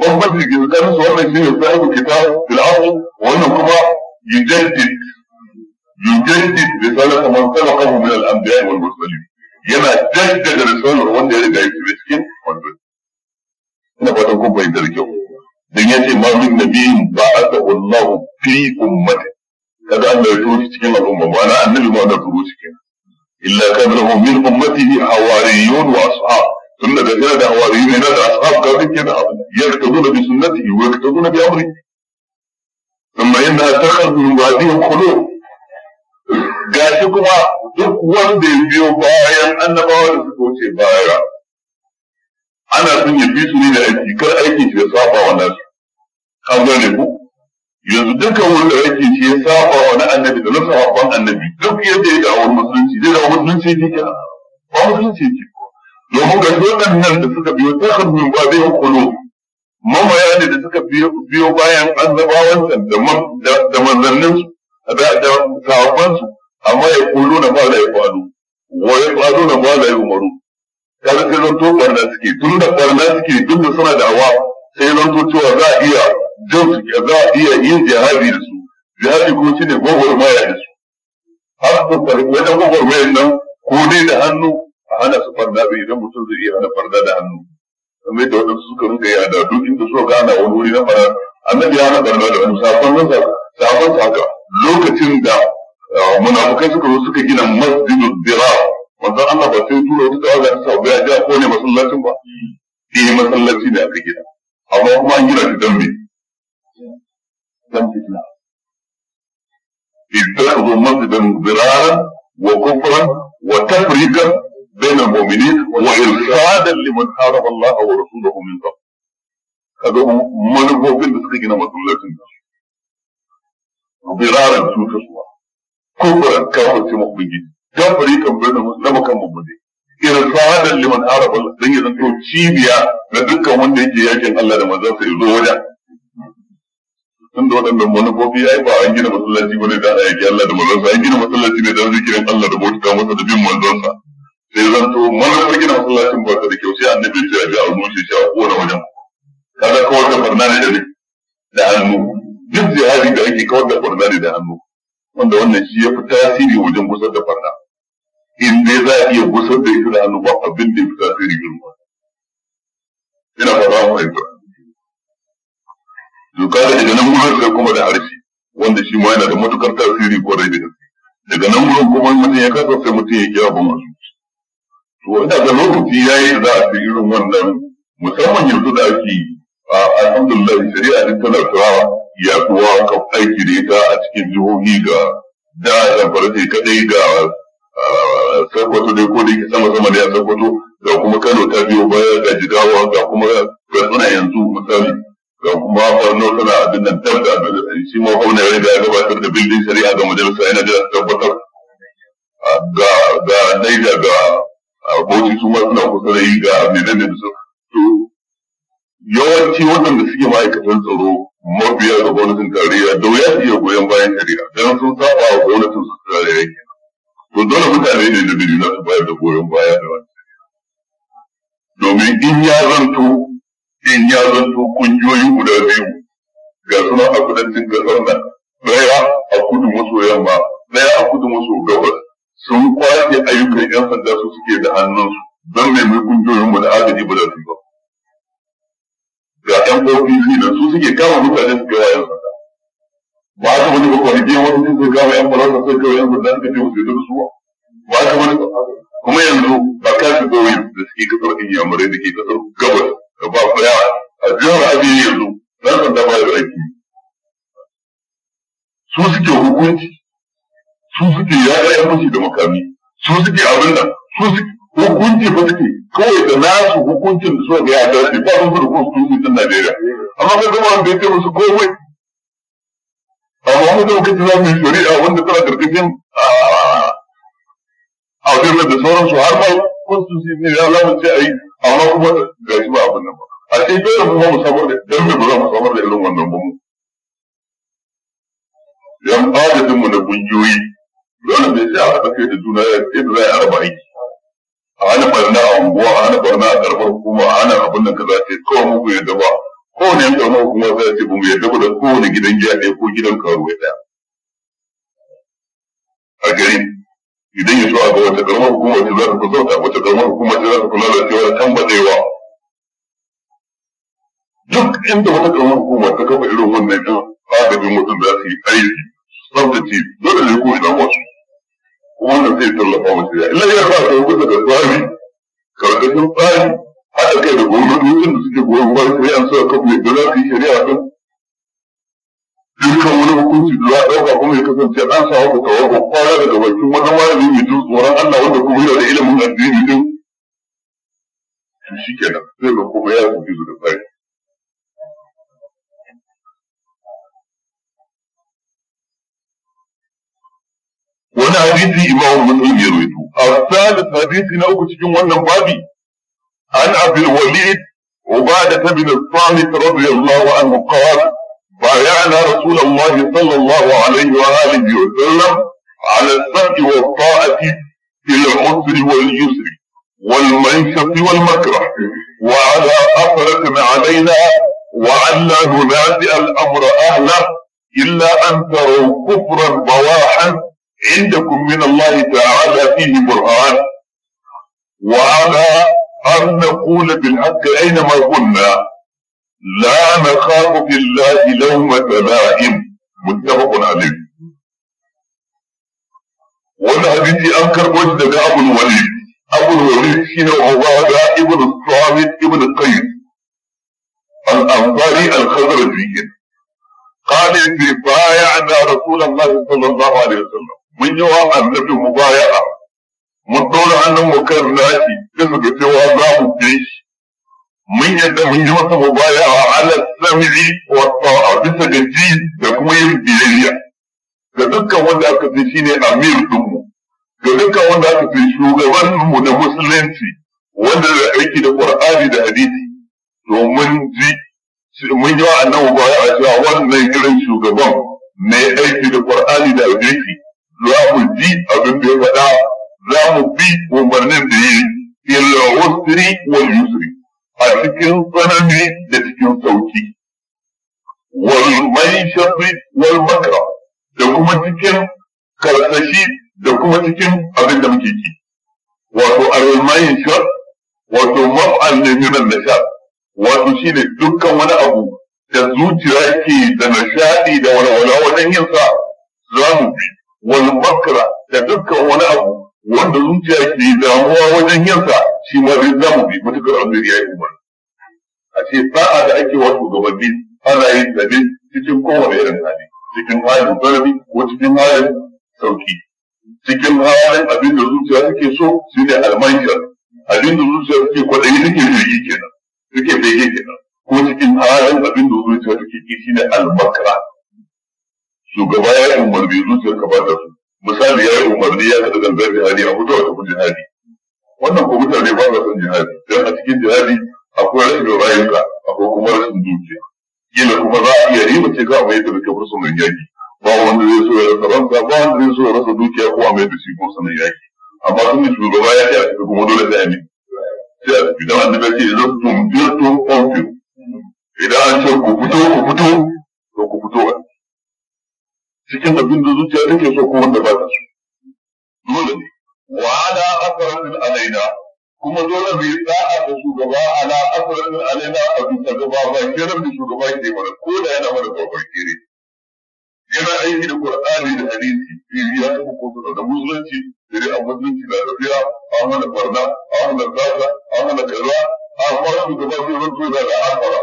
bambanci ke tsakanin su wannan shi ne sahibu kita fil'afu wannan kuma yujaddid yujaddid risalata man sabaqahu min al-anbiya wal mursalin yana jaddada risalar wanda ya riga ya shiga cikin wannan ina fatan kun fahimta da kyau dan yace ma min nabiyin ba'atha Allahu fi ummati kada Allah ya turo cikin al'umma ba na annabi ma da turo cikin illa kana lahu min ummatihi hawariyun wa ashab tun daga yana da hawariyun yana da ashab ga duk yana abin yaktaduna bi sunnatihi wa yaktaduna bi amri amma inna takhadhu min ba'dihi qulub gashi kuma duk wanda ya biyo bayan annabawa da suka wuce baya ana son ya bi su ne da aiki kar aikin shi da saba wa nasu ka ne, ku yanzu dukkan wanda yake shi ya saba wa na annabi da nasa babban annabi duk yadda ya dawo musulunci zai dawo musulunci ne ke ba musulunci ne domin ga nan da suka biyo ta hannun ba zai hukulo mamaya ne da suka biyo bayan annabawansa da manzanninsu da su. amma ya kulo na ba da ya faru wa ya faru na ba da ya umaru kaga sai zanto barna suke tun da barna suke duk da suna da awa sai zanto cewa za a iya don za a iya yin jihadi da su jihadi kuma shine gwagwarmaya da su har su wajen gwagwarmayar nan ko ne da hannu a hana su farda bai idan mutum zai iya hana farda da hannu kamar da waɗansu suka rinka yi a da duk inda suka gana wani wuri na fara annabi ya hana farda da hannu safon nan safon saka, lokacin da ah, munafukai suka zo suka gina masjidu dira wannan Allah ba sai tura wata tawaga ta sabu ya ja ko ne masallacin ba hmm. eh masallaci ne aka gina amma kuma an gina shi dan me لم تسمع اتخذوا مسجدا ضرارا وكفرا وتفريقا بين المؤمنين وارشادا لمن حارب الله ورسوله من قبل هذا manufofin da suka gina masallacin nan biraran cutarwa kufuran kafirce mabugin gafari kan bai zama kan mabugin irin sa'adar liman arab dan ya zanto cibiya na dukkan wanda yake yakin Allah da manzon sa yazo wajen tunda waɗannan manufofi ya yi ba an gina masallaci ba ne da a yaki Allah da manzansa an gina masallaci ne da zikirin Allah da bauta masa da bin manzansa sai zan to manufar gina masallacin ba ta da kyau sai annabi ya ce a bi a rushe shi a kowane wajen kada kawar da barna ne da da hannu duk jihadi da ake kawar da barna ne da hannu wanda wannan shi ya fi tasiri wajen gusar da barna in dai za a iya gusar da ita da hannu ba abin da ya fi tasiri girma ina fara mu fahimta to daga nan gurin sai kuma da harshe wanda shi ma yana da matukar tasiri rai da gaske daga nan gurin kuma mutum ya kasa sai mutum ya kira ban wasu to wanda da lokaci ya yi za a fi irin wannan musamman yanzu da ake a alhamdulillah shari'a din tana ya yaduwa ka aiki da ita a cikin jihohi ga da zamfara ce kadai ga sakwato dai ko da yake sama sama da a sarkwato da kuma kano ta biyo baya ga jigawa ga kuma ga yanzu misali ga kuma farno suna abin nan tab da shi ma gwamna ya ya gabatar da bildin shari'a ga majalisa yana da tabbatar ga ga daida ga abokin su suna kusa da yi ga mai da su yawanci waɗanda suke ma'aikatan tsaro mabiya da gwamnatin tarayya da wuya su iya goyon bayan shari'a don sun saba wa gwamnatin su tarayya to dole mutane ne da biyu na su bayar da goyon baya da wani domin in ya zanto in ya zanto kungiyoyi guda biyu ga suna a kudancin kasar nan daya a kudu maso yamma daya a kudu maso gabas sun kwace ayyukan yan sanda su suke da hannunsu don mai mai kungiyoyin mu da agaji ba da su ba ga yan kofifi da su suke kama mutane su gawa yan sanda ba ta wani ba biyan wani sun sai kama yan faransa sai kawai yan sanda suka ce su yi duk suwa ba ta wani kuma yanzu ba kafin gawai da suke kasar inyamurai da ke kasar gabas ba koya a jihar abin yanzu zan sanda ba da aiki su suke hukunci su suke yaɗa yan fashi da makami su suke abin nan su suke hukunci ba suke kawai da nasu hukuncin da suka ga ya dace ba su da constitution Najeriya amma kai kuma wanda yake musu komai amma wanda da ji za mu yi shari'a wanda tana karkashin a wajen da sauransu har ma constitution ne ya lamunce a yi amma kuma ga shi ba abin nan ba a ce dole mu mu samar da dan da ba mu samar da irin wannan ba mu yan adadin mu na kungiyoyi dole ne sai a haɗa kai da juna yadda za a raba aiki a hana barna a unguwa a hana barna a karbar hukuma a hana abin nan kaza ce kawai mu ya daba ba kowane yan karamar hukuma sai ce ba mu ya daba da kowane gidan giya ɗaya ko gidan karuwa ɗaya a gari idan ya zuwa ga wata karamar hukuma ce za ta fi zauta wata karamar hukuma ce za ta fi lalacewa da tambadewa duk inda wata karamar hukuma ta kafa irin wannan ɗin agabin mutum da su yi aiki tsaftace dole ne ko ina wasu wannan zai tallafa mutum ya illa ya ba ta rubuta da tsari karkashin tsari haɗa kai da gwamnati da suke goyon bayan shari'a suka kafa yadda za su yi shari'a ɗin dukkan wani hukunci da za a ɗauka kuma ya kasance an samu fitawar ko kwara daga bakin wani malami mai jin tsoron Allah wanda kuma yana da ilimin addini din shi nan? zai ga kuma ya tafi da tsari wani hadisi imamu muslim ya rawaito الثالث حديث نوك تجون وانا بابي da ابي الوليد عبادة بن الصامت رضي الله عنه قال بايعنا رسول الله صلى الله عليه وآله وسلم على الصدق والطاعة في العسر واليسر والمنشط والمكره وعلى أفرقنا علينا وعلى ننازع الأمر أهله إلا أن تروا كفرا بواحا عندكم من الله تعالى فيه برهان وعلى أن نقول بالحق أينما كنا لا نخاف في الله لومة لائم متفق عليه wani hadisi an karɓo shi daga abul wali abul wali shine ubada ibn sabit ibn qais al ansari al khazraji قال في بايعنا رسول الله صلى الله عليه وسلم من يوم النبي مبايعه mun ɗora hannun mu kan nashi sai suka ce wa za mu fi shi mun yadda mun ji masa mubaya a halar tsamiri a bisa da ji da kuma yin biyayya ga dukkan wanda aka fi shi ne amir ɗinmu ga dukkan wanda aka fi shugabanmu na musulunci wanda da aiki da qur'ani da hadisi domin ji mun yi wa annabi baya a cewa wannan irin shugaban mai aiki da qur'ani da hadisi za mu ji abin da ya faɗa za mu bi umarnin da ya yi illa usri wal yusri a cikin tsanani da cikin sauki wal maishari wal makra da kuma cikin karsashi da kuma cikin abin da muke ci wato al maishar wato maf'al ne min nasha wato shine dukkan wani abu da zuciya ke da nishadi da walwala wajen yin sa za mu bi wal makra da dukkan wani abu wanda zuciya ke damuwa wajen yin sa shi ma zai za mu bi matuƙar annabi ya yi umarni a ce sa'a da ake wa shugabanni ana yin ta cikin kowane irin hali cikin halin zarafi ko cikin halin sauki cikin halin abin da zuciya suke so shi ne almanshar abin da zuciya suke kwaɗayi suke jirgi kenan suke bege kenan ko cikin halin abin da zuciya suke ki shi ne almakara shugaba ya yi umarni zuciyar ka ba ta su misali ya yi umarni ya taɓa gangar da hali a fito a tafi jihadi wannan ko mutane ba za son jihadi dan a cikin jihadi akwai rashin rayuka akwai kuma rashin dukiya kila kuma za a iya riba ce ga mai da kake mai yaki ba wanda zai so ya rasa ranka ba wanda zai so ya rasa dukiya ko a mai da shi fursunan yaki amma sun shugaba ya ce a cikin kuma dole sai a ne sai a tafi dan annabi ce idan tum tum tum idan an ce ku fito ku fito to ku fito cikin abin da zuciya take so ko wanda ba ta so dole ne wa ala aframin alaina kuma dole mu yi da'a da shugaba ala aframin alaina a bisa gaba ba kiran da shugaba ke mana ko da yana mana babbar kire yana aiki da qur'ani da hadisi ya kuma ko da musulunci da a musulunci da rabiya a mana barna a mana zaka a mana kaza a mana shugaba zai rantu da al'afara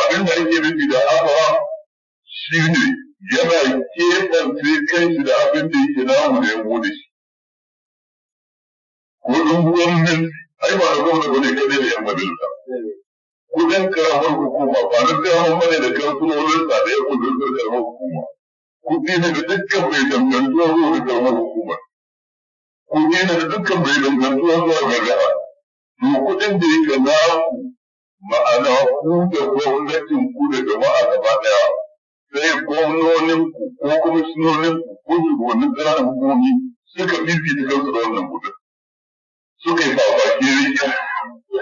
abin da ake nufi da al'afara shine ne yana keɓance kanshi da abin da yake namu da ya gode shi wajen ruwan nan ai ba gwamna ba ne kadai da yan majalisa kudin karamar hukuma ba na karamar mane da kansunonin sa da ya kudin karamar hukuma kudi ne da dukkan bai dangantuwa zuwa karamar hukuma kudi ne da dukkan mai dangantuwa zuwa ga jaha to kudin da yake na ma'ana ku da gwamnatin ku da jama'a gaba daya sai gwamnonin ku ko kuma sunonin ku ko shugabannin ƙananan hukumomi suka fifita kansu da wannan kudin suka yi babaki rika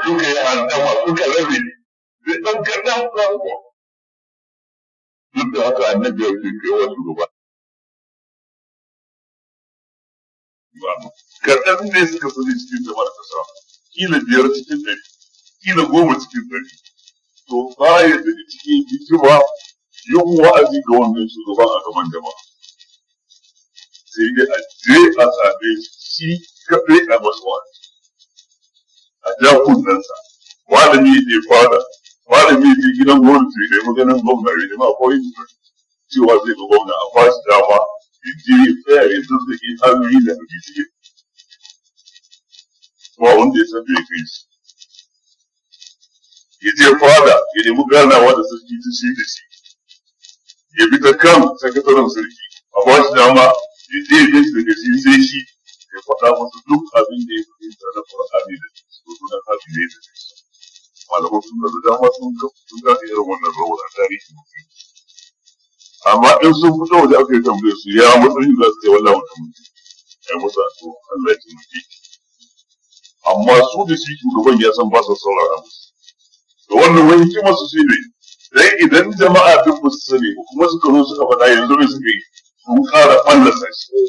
suka yi hantama suka rabe da ɗan kaɗan kanku duk da haka annabi ya ce kai wasu gaba kaɗan ne suka sani cikin da jama'ar kasa kila biyar cikin ɗari kila goma cikin ɗari to ba baya daga cikin hikima yin wa'azi ga wannan shugaban a gaban jama'a sai dai a je a same shi kaɗai a masu wa'azi a ja kunnensa malami ya je fada malami ya je gidan gwamnati ya maganin gwamna ya nema ko yin cewa zai ga gwamna a fashi dama ya je ya tsaya ya zazzage hanyoyi da ake ciki ba wanda ya san bai kai shi ya je fada ya nemi ganawa da sarki ta shi da shi ya bi ta kan sakataren sarki a bashi dama ya je ya je da shi sai shi ya faɗa musu duk abin da ya da na Qur'ani da su suna hafiye da su malaman sun da dama sun sun gane irin wannan rawar a tarihi amma in sun fito waje aka yi tambaye su ya matsayin za su kai wallah wannan mutum ya musa to Allah ya taimake amma su da shi shugaban ya san ba saurara musu Da wannan wani hikimar su shi ne dai idan jama'a duk ba su sani kuma suka zo suka faɗa yanzu ne suka yi sun ƙara ɓallasa shi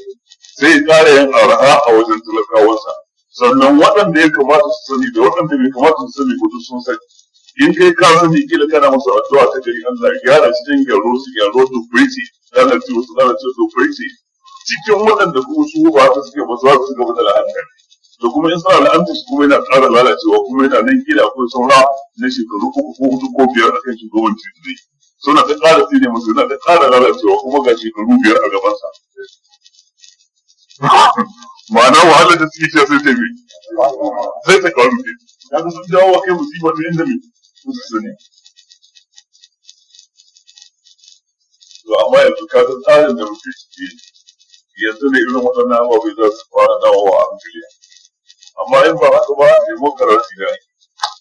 zai ƙara yin arha a wajen talakawansa sannan waɗanda ya kamata su sani da waɗanda bai kamata su sani kudu sun sani in kai ka sani kila kana masa addu'a ta gari Allah gyara cikin gyaro su gyaro su kurci lalace wasu lalace su kurci cikin waɗanda kuma su ba ta suke ba za su gaba da la'anta da kuma in suna la'anta su kuma yana ƙara lalacewa kuma yana nan kila akwai saura na shekaru uku ko hudu ko biyar akan shugabanci zai suna ta ƙara tsine masu yana ta ƙara lalacewa kuma ga shekaru biyar a gabansa ma'ana wahalar da suke cewa sai ta bi sai ta kawo mutum ya ga sun jawo kai musibar ta yadda mai su su sani to amma yanzu ka san tsarin da mutum ke yanzu ne irin waɗannan ababai za su fara dawowa a hankali amma in ba haka ba demokarasi ne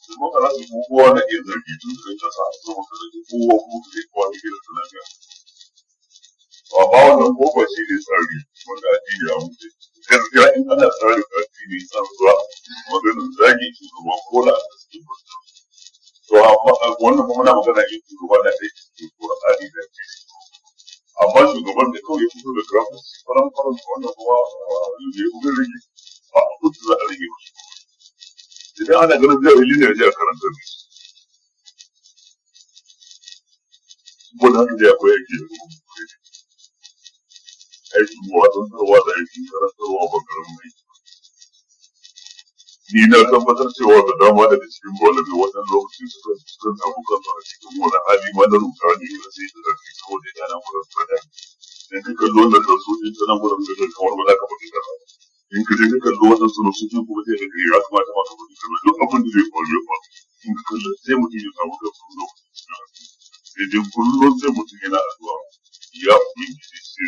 demokarasi kuma kowa na iya zargi tun da ta sa so maka da kowa kuma da kowa ne da lafiya amma wannan kofa shi ne tsari wanda addini ya mutu gaskiya in ana tsari da addini san zuwa maganin zagi kuma kola a cikin to amma wannan kuma na magana ne shugaba na da cikin Qur'ani da amma shugaban da kawai fito da grafis faran faran wannan kuma ne ubin rigi ba a kudu za a rige musu idan ana ganin jahili ne ya karanta ne wannan da ya koyar ke aikin wazantarwa da aikin karantarwa ba garin mai ni na tabbatar cewa da dama daga cikin gwalabe wajen lokacin suka suka samu kansu a cikin wani hali ma na ruka ne da sai da zarfi saboda yana murar tsada in ka kallo da ka so in tana murar tsada kamar ba za ka faɗi kaza in ka je ka kallo wajen su su ce kuma sai ka kai ya kamata ma ka faɗi kaza duk abin da zai faru ya faru in ka kallo sai mutum ya samu kansu lokacin da sai dai kullum sai mutum yana addu'a ya fi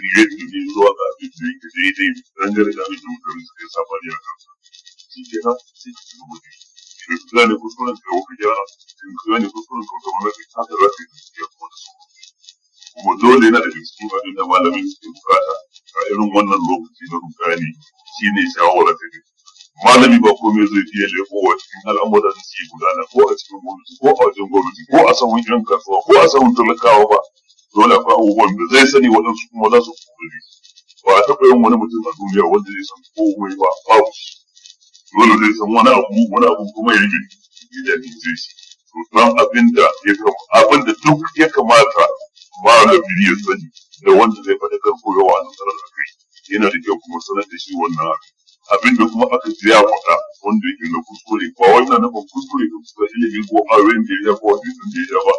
rigar da zai zuwa ga abin da yake zai zai dangane da da mutane a kansa shi ke nan sai ki zuwa ne shi ka gane kuskuren ka wuka gyara in ka gane kuskuren ka wuka mana ka ta rafi ya kuma da sauran kuma dole yana daga cikin abin bukata a irin wannan lokaci na rudani shi ne malami ba komai zai iya lekowa cikin al'amuran da suke gudana ko a cikin ko a wajen ko a saman kasuwa ko a saman talakawa ba dole akwai abubuwan da zai sani waɗansu kuma za su kuri ba a taɓa yin wani mutum a duniya wanda zai san komai ba babu dole zai san wani abu wani abu kuma ya rike ya jajirce shi to dan abin da ya kamata abin da duk ya kamata malami ya sani da wanda zai faɗi kan koyarwa a nasarar da kai yana da kyau kuma sanar da shi wannan abin da kuma aka ji ya faɗa wanda yake na kuskure ba wannan na ban kuskure ko kuskure ilimin ko a da ya ko hadisin da ya ba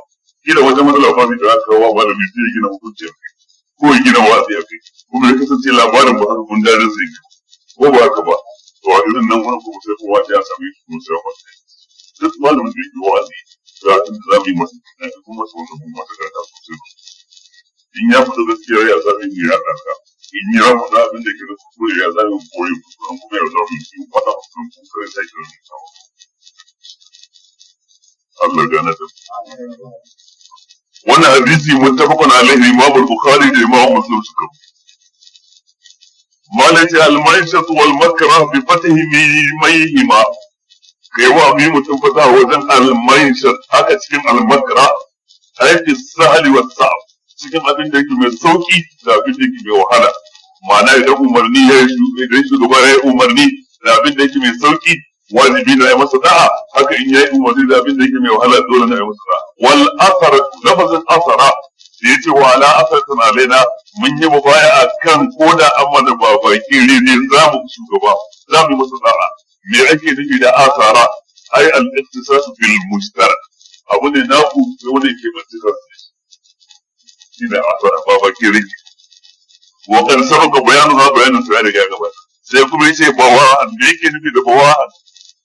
kila wajen matsala lafa zai kira kawo ba ya gina hukunci a ko ya gina watsi a kuma ya kasance labarin ba haka gundarin zai ko ba haka ba to a irin nan wani kuma sai kowa ya yi su sai ba duk malamin da yake watsi za a da zamu yi masa na kuma masa wani kuma masa gata sosai in ya fita gaskiya ya zaɓi ne ya ɗaka in ya faɗa abin da ke da kuskure ya zaɓi koyi kuskuren kuma ya zaɓi su faɗa kuskuren kuskure ya kira musawa Allah gane da wannan hadisi muttafaqun alaihi imam al-bukhari da imam muslim suka malam ya al-maishat wal makra bi fatihi mayhima kai wa mi mutum fata wajen al-maishat haka cikin al-makra aiki sahli wa sa'ab cikin abin da yake mai sauki da abin da yake mai wahala ma'ana idan umarni ya yi idan shugaba ya yi umarni da abin da yake mai sauki Wani wajibi na ya masa da'a haka in yayi umarni da abin da yake mai wahala dole na ya masa da'a wal asar lafazin asara da yace wa ala asar tana laina mun yi mubaya kan koda amma da ba baki rini za mu shugaba za mu yi masa da'a me ake nufi da asara ai al-iktisas bil mushtarak abu ne naku sai wanda ke mutsira shi ne asara ba baki rini wa kan sabaka bayanu za bayanin su ya riga gaba sai kuma yace bawa me yake nufi da bawa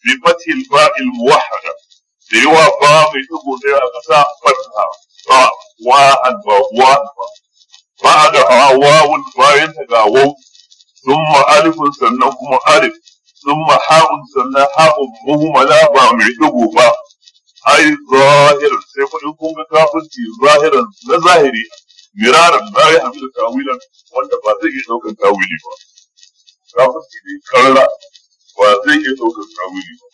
بفتح الباء الموحدة لوا فاهم يقول لها فتاة فتحة فاء واحد واحد بعدها واو الباين تقاوم ثم ألف سنكم ألف ثم حاء سنة حاء مهم لا فاهم يتقو فاء أي ظاهر سيقولكم بكافر في ظاهرا لا ظاهري مرارا لا يحمل تأويلا وانت فاسق يتوقع تأويلي فاء كافر في ذلك ba zai iya ɗaukar tawili ba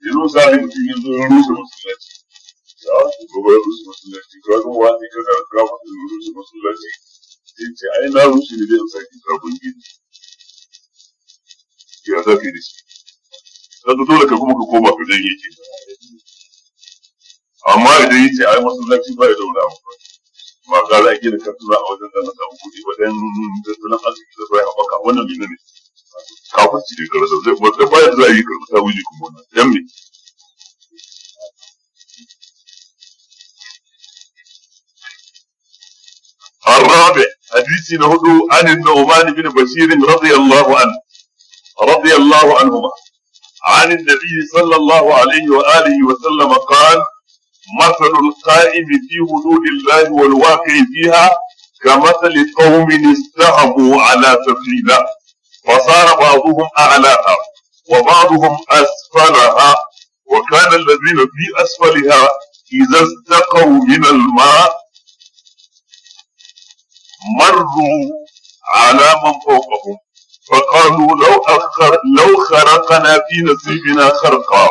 yanzu misali mutum ya zo ya rushe masallaci da gobe ya rushe masallaci to ya zama ka karkara ya rushe masallaci ya ce ai na rushe ne zai sake sabon gini ya za ka yi da shi kaga dole ka kuma ka koma ka ke amma idan yace ai masallaci ba ya daura amfani ma ga la gina ka a wajen da na samu kuɗi wajen tattalin arziki da bai haɓaka wannan menene ne kafirci ne karasa zai matsayin bayan za a yi karɓi wuji kuma wannan yan me الرابع حديث نهض عن النعمان بن بشير رضي الله عنه رضي الله عنهما عن النبي صلى الله عليه وآله وسلم قال مثل القائم في حدود الله والواقع فيها كمثل قوم استهموا على سفينه فصار بعضهم أعلاها وبعضهم أسفلها وكان الذين في أسفلها إذا استقوا من الماء مروا على من فوقهم فقالوا لو أخر لو خرقنا في نصيبنا خرقا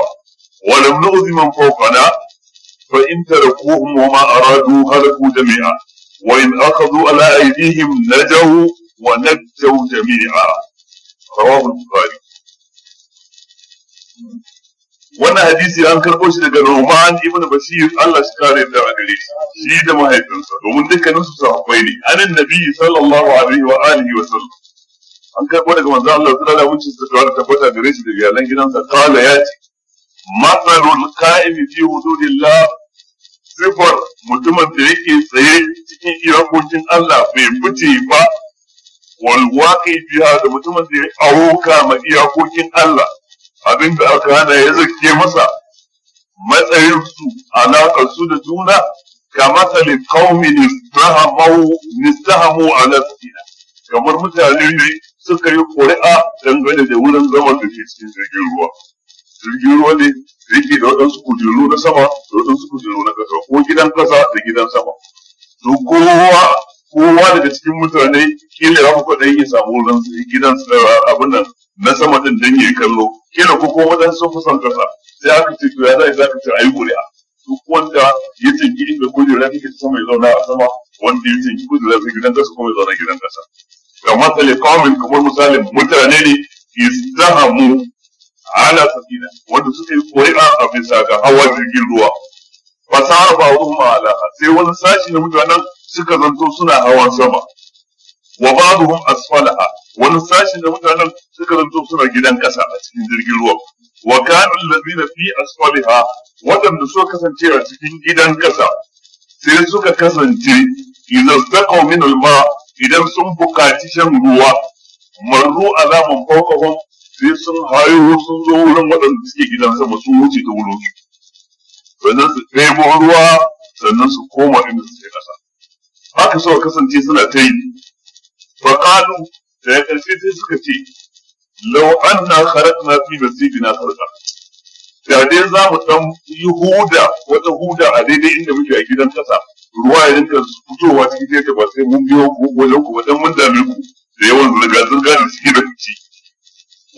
ولم نؤذ من فوقنا فإن تركوهم وما أرادوا هلكوا جميعا وإن أخذوا على أيديهم نجوا ونجوا جميعا rawahul bukhari wannan hadisi an karɓo shi daga Roman ibn Bashir Allah shi kare da a gare shi shi da mahaifinsa domin dukkanin su sahabbai ne anan nabi sallallahu alaihi wa alihi wa sallam an karɓo daga manzo Allah sallallahu alaihi wa sallam ta tabbata gare shi daga yalan gidansa kala ya ce matsalul qa'imi fi hududillah sifar mutumin da yake tsaye cikin iyakokin Allah bai fice ba walwaki biya da mutumin da ya auka ma iyakokin Allah abinda aka hana ya zake masa matsayin su alaƙar su da juna كمثل قوم استهموا استهموا على السفينة kamar mutane ne suka yi ƙuri'a dangane da wurin zama da ke cikin jirgin ruwa jirgin ruwa ne yake da waɗansu kujeru na sama da waɗansu kujeru na ƙasa ko gidan ƙasa da gidan sama to kowa kowa daga cikin mutane kila ya kuka dai ya samu wurin gidan abin nan na sama din dan yayi kallo kila ko kuma wadan sun fi son kasa sai aka ce to ya zai ka ce ayi kuri'a duk wanda ya tinki inda kujera take sama ya zauna a sama wanda ya tinki kujera sai gidan kasa ko ya zauna gidan kasa kamar tsale kawai kamar misalin mutane ne istahamu ala safina wanda suke koyi a bisa ga hawa jirgin ruwa fasaha ba ruhuma ala sai wani sashi na mutanen suka zanto suna hawan sama wa ba ba'dhum asfalaha wani sashi na mutanen suka zanto suna gidan ƙasa a cikin jirgin ruwa wa kana allazina fi asfaliha waɗanda suka kasance a cikin gidan ƙasa, sai suka kasance idan zaka min alma idan sun buƙaci shan ruwa marru azaman fawqahum sai sun hayo sun zo wurin waɗanda suke gidan sama sun wuce ta wurin su sannan su ɗebo ruwa sannan su koma inda suke ƙasa haka suka kasance suna ta yi faƙalu da ya ƙarfi sai suka ce lau an na kharaqna fi masjidina kharqa da dai za mu ɗan yi huda wata huda a daidai inda muke a gidan ƙasa ruwa ya rinka fitowa cikin ta ba sai mun biyo wajen ku ba dan mun dame ku da yawan zirga zirga da suke da ciki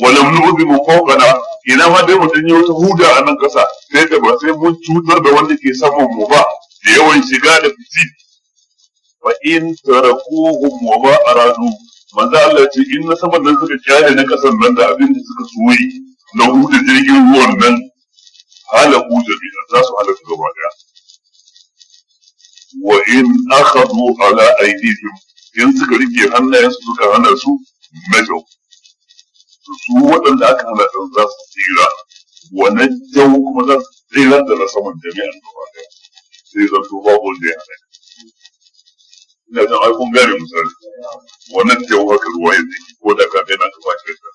walam nu'dhibu fawqana ina ma dai mutum ya wata huda a nan kasa sai da ba sai mun cutar da wanda ke saman mu ba da yawan shiga da fici fa in tarakuhum wa ma aradu manzo Allah ce in na saman nan suka kyale na kasan nan da abin da suka soyi na huda jirgin ruwan nan halaku jami'a za su halaka gaba daya wa in akhadhu ala aydihim in suka rike hannayen su suka hana su majau su waɗanda aka halaka za su tsira wani jau kuma za su tsira da na saman jami'an gaba ɗaya sai zan to babu wanda ya halaka ina jan aiko kun gane misali wannan jau haka ruwa ya zai ko da ka na ka bashi da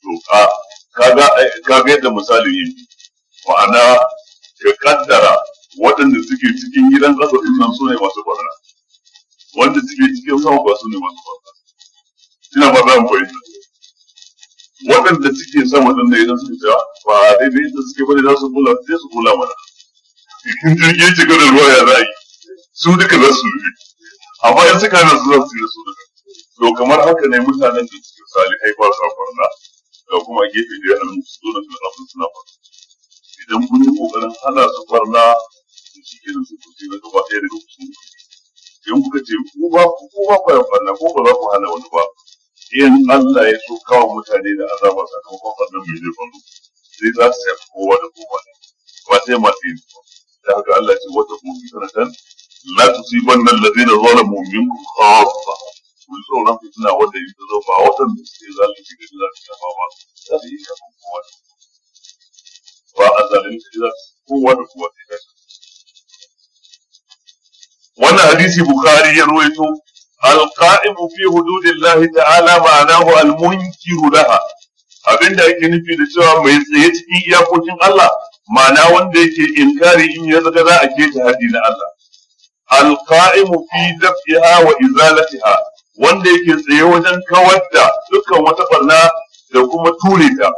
to a ka ga yadda misali yin ma'ana ka kaddara waɗanda suke cikin gidan ƙasa sun nan su ne masu barna wanda suke cikin sama ba su ne masu farka ina ba za mu fahimta waɗanda suke sama ɗin da idan suke cewa ba a daidai da suke bane za su bula sai su bula mana in jirgin shiga da ruwa ya za yi su duka za su rufe amma in suka hana su za su yi su duka to kamar haka ne mutanen da suke salihai ba sa farna ga kuma gefe da yaran musu zo da filafin suna farna idan kun yi ƙoƙarin hana su farna shi irin su kuce na gaba ɗaya daga kusurwa in kuka ce ku ba ku ba ku amfana ko ba za ku hana wani ba in Allah ya so kawo mutane da azaba sakamakon wannan mai zai faru sai za su yafi kowa da kowa ne ba sai masu yi da haka Allah ce wata kuma sanatan la tusibanna alladhina zalamu minkum khassa mun na tsoron suna wanda ya zo ba watan da suke zalunci da za su shafa ba za su yi shafan kowa ba a zalunci za su kowa da kowa sai wannan hadisi bukhari ya ruwaito القائم في حدود الله تعالى معناه المنكر لها abinda yake nufi da cewa mai tsaye cikin iyakokin Allah ma'ana wanda yake inkari in ya zaga za a ta haddi na Allah alqa'imu fi daf'iha wa izalatiha wanda yake tsaye wajen kawar da dukkan wata barna da kuma ture ta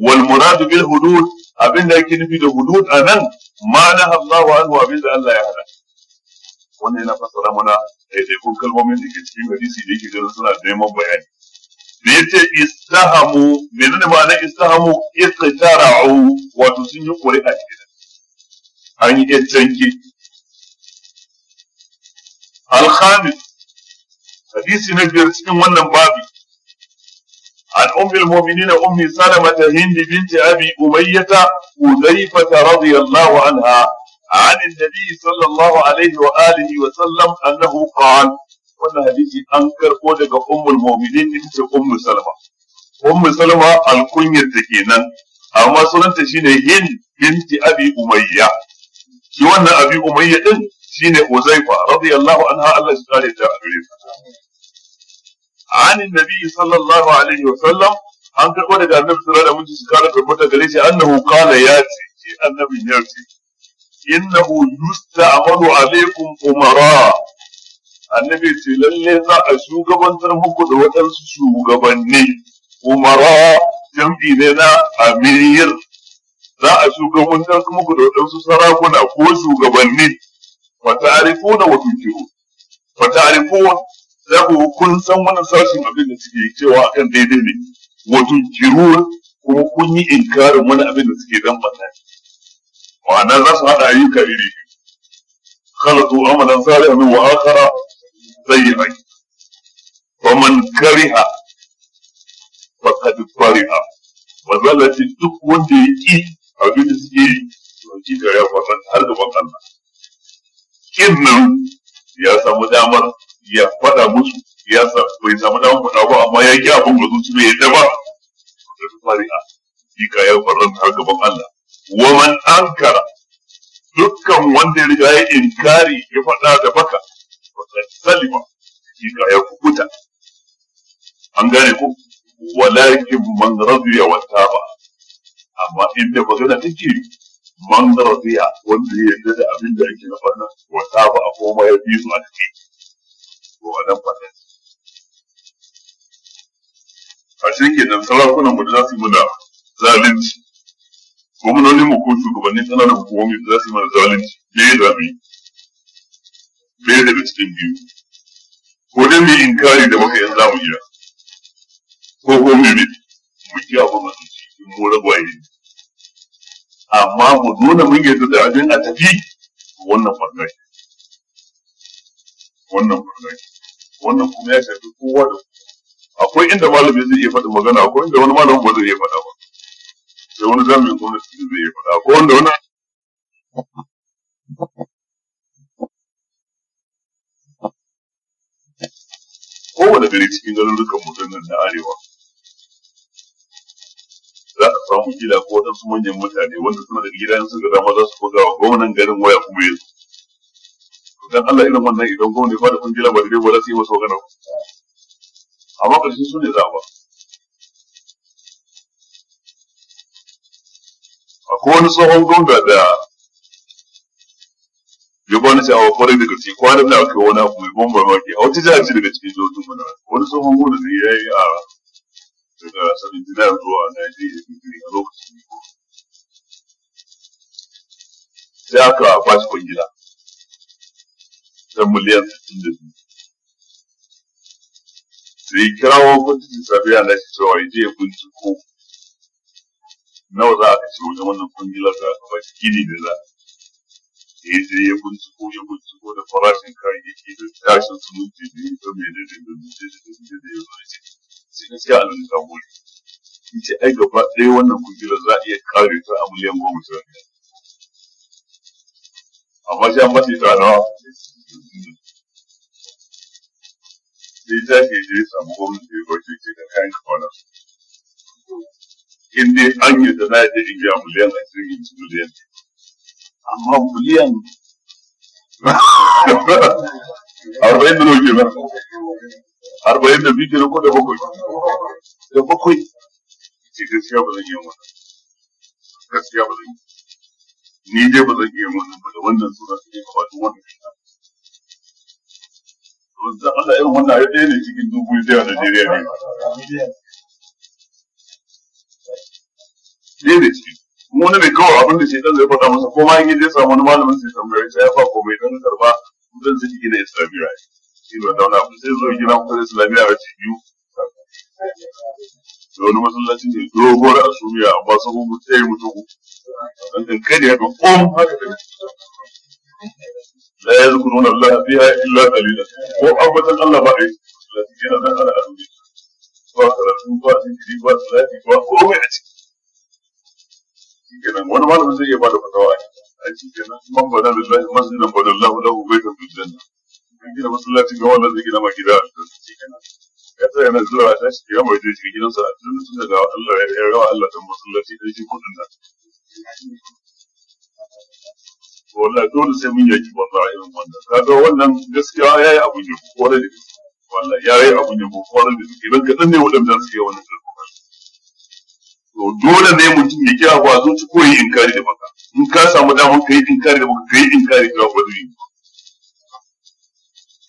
wal muradu bil hudud abinda yake nufi da hudud anan ma'ana Allah anhu da Allah ya hada wannan yana fassara mana ɗaiɗaikun kalmomin da ke cikin hadisi da yake ganin suna neman bayani da yace istahamu menene ma'anar istahamu iqtara'u wato sun yi ƙuri'a cikin an yi canki الخامس حديث نبي cikin wannan babi عن أم المؤمنين أم سلمة هند بنت أبي أمية حذيفة رضي الله عنها عن النبي صلى الله عليه وآله وسلم أنه قال wannan hadisi an karɓo daga ummul mu'minin ita ce ummu salama ummu salama alkunyar ta kenan amma sunanta shine hind binti abi umayya shi wannan abi umayya din shine uzaifa radiyallahu anha Allah ya kare ta gare ta an annabi sallallahu alaihi wa sallam an karɓo daga annabi sallallahu alaihi wa sallam mun ji ta gare shi ya inna yusta'malu alaikum umara annabi ce lalle za a shugabantar muku da waɗansu shugabanni umara jam'i ne na amir za a shugabantar muku da waɗansu sarakuna ko shugabanni fata'arifuna wa tunkiru fata'arifuna za ku kun san wannan sashin abin suke cewa akan daidai ne wato kuma kun yi inkarin wani da suke ma'ana za su haɗa ayyuka iri khalatu amalan salihan wa akhara sayyi'an faman kariha faqad kariha mazalla ce duk wanda ya ki abin da suke yi to shi da ya fasa har gaban Allah kinnan ya samu damar ya faɗa musu ya bai samu damar faɗa ba amma ya ki abin da zuciya ya daba faqad kariha shi ka ya faran har gaban Allah wa man ankara dukkan wanda ya riga ya inkari ya faɗa da baka faɗa salima hakika ya kubuta an gane ku walakin man radiya wa taba amma inda magana take man radiya wanda ya yarda da abinda da na faɗa wa taba a koma ya bi su a ciki to wannan faɗa a cikin nan sarakunan mu da za su muna zalunci gwamnonin mu ko shugabannin ƙananan hukumomi za su yi mana zalunci fiye da mu fiye daga cikin biyu ko dai mu inkari da muka yanzu zamu mu iya ko ko mu bi mu ki abu mu ci in mu ragwaye amma mu nuna mun yadda da abin a tafi wannan farkai wannan farkai wannan kuma ya shafi kowa da akwai inda malami zai iya faɗa magana akwai inda wani malamin ba zai iya faɗa ba sai wani jami'in gwamnati da zai faɗa ko wanda wani kowane gari cikin garurukan mutum nan na arewa za a samu gida ko waɗansu manyan mutane wanda suna daga gida suka dama za su buga wa gwamnan garin waya kuma yanzu dan Allah irin wannan idan gwamnati ba da kungila ba da dai ba za su yi masa magana amma ƙarshen su ne za a ba tsohon gonga da ya gwani sai a kwarai da gaske kwanan da aka yi wani abu mai ban mamaki a wata jihar daga cikin jihohin mana wani tsohon gonga ne ya yi a daga sanin jina zuwa Najeriya a lokacin sai aka ba shi ta miliyan 62 sai kirawo kwanci safiya na shi cewa ya je ya nawa za a kashe wajen wannan kungilar da aka bashi gini da za a yi sai ya ko ya ko da farashin kayayyaki da tashin suminti da yin kan mene da da mene da mene da ya zo ya ce sai gaskiya a nan ta ne in ce ai gaba ɗaya wannan kungilar za a iya kare ta a miliyan goma sha biyar amma shi an mace ta nawa sai ta ke je samu gwamnati ya bace ke da kayan kwanar in dai an yi da za a je in biya miliyan a cikin miliyan amma miliyan arba'in da nauke ba arba'in da biyu kenan ko da bakwai da bakwai ce gaskiya ba zan iya wannan gaskiya ba zan yi ni dai ba zan iya wannan ba da wannan suna, ta yi ba da wannan irin wannan ya ɗaya ne cikin dubu biyu a Najeriya ne. ne da shi mu ne kawai abin da shaitan zai faɗa masa ko ma in je samu wani malamin sai tambaye sai ya fa komai dan karba mutum zai gina islamiyya shi ba da wani abu sai zo gina mutum islamiyya a biyu da wani masallaci ne doguwar asumiya amma sun kuma ta yi mutu dan kankani haka kom haka da la ya zukuru na Allah fiha illa qalila ko abbatan Allah ba ai yana nan ana asumiya ba karatu ba zikiri ba salati ba komai a ciki kenan wani malamin zai iya bada fatawa a shi kenan man bada lillahi masjidan bada lahu lahu baitan fil janna kan gina masallaci ga wannan zai gina ma gida a shi kenan ya tsaya na zuwa a tashi ya mai zai shiga gidansa a tun sun daga Allah ya rawa Allah dan masallaci da shi kudin nan wallahi dole sai mun yaki wallahi irin wannan kaga wannan gaskiya yayi abu ne kwarai da wallahi yayi abu ne kwarai da idan kadan ne wadanda suke wannan karfafa dole ne mutum ya kira ko ci zuci ko yi inkari da baka in ka samu damar ka yi inkari da baka ka yi inkari cewa ba yi ba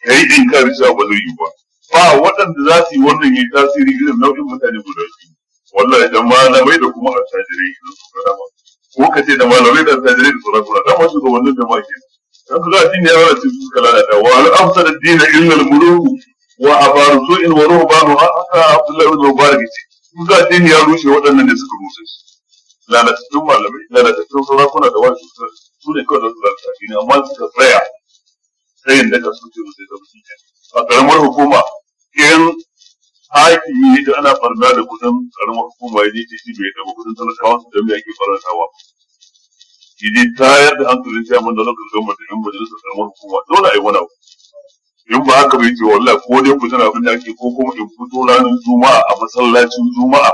ka yi inkari cewa ba zai yi ba ba waɗanda za su yi wannan yi tasiri irin nau'in mutane guda biyu wallahi da malamai da kuma attajirai idan suka dama ko ka ce da malamai da attajirai da sarakuna dama su ga wannan jama'a ke dan su za su ne yawa da su suka lalata wa al'amsa da dina illal muluku wa abarusu in wa ruhbanu haka abdullahi ibn mubarak ce in za addini ya rushe waɗannan ne suka rushe shi lalatattun malamai lalatattun sarakuna da wani suka su ne kawai da su lalata ne, amma suka tsaya tsayin da ka suke da sai zama shi a ƙaramar hukuma in hakimi da ana barna da kudin ƙaramar hukuma ya ce shi bai taɓa kudin talakawa su jami'a ke farantawa shi tayar da hankalin shi a mandalar gargamar da yan majalisar ƙaramar hukuma dole a yi wani abu in ba haka bai ce wallahi ko dai ku tana abin da ake ko kuma in fito ranar juma'a a masallacin juma'a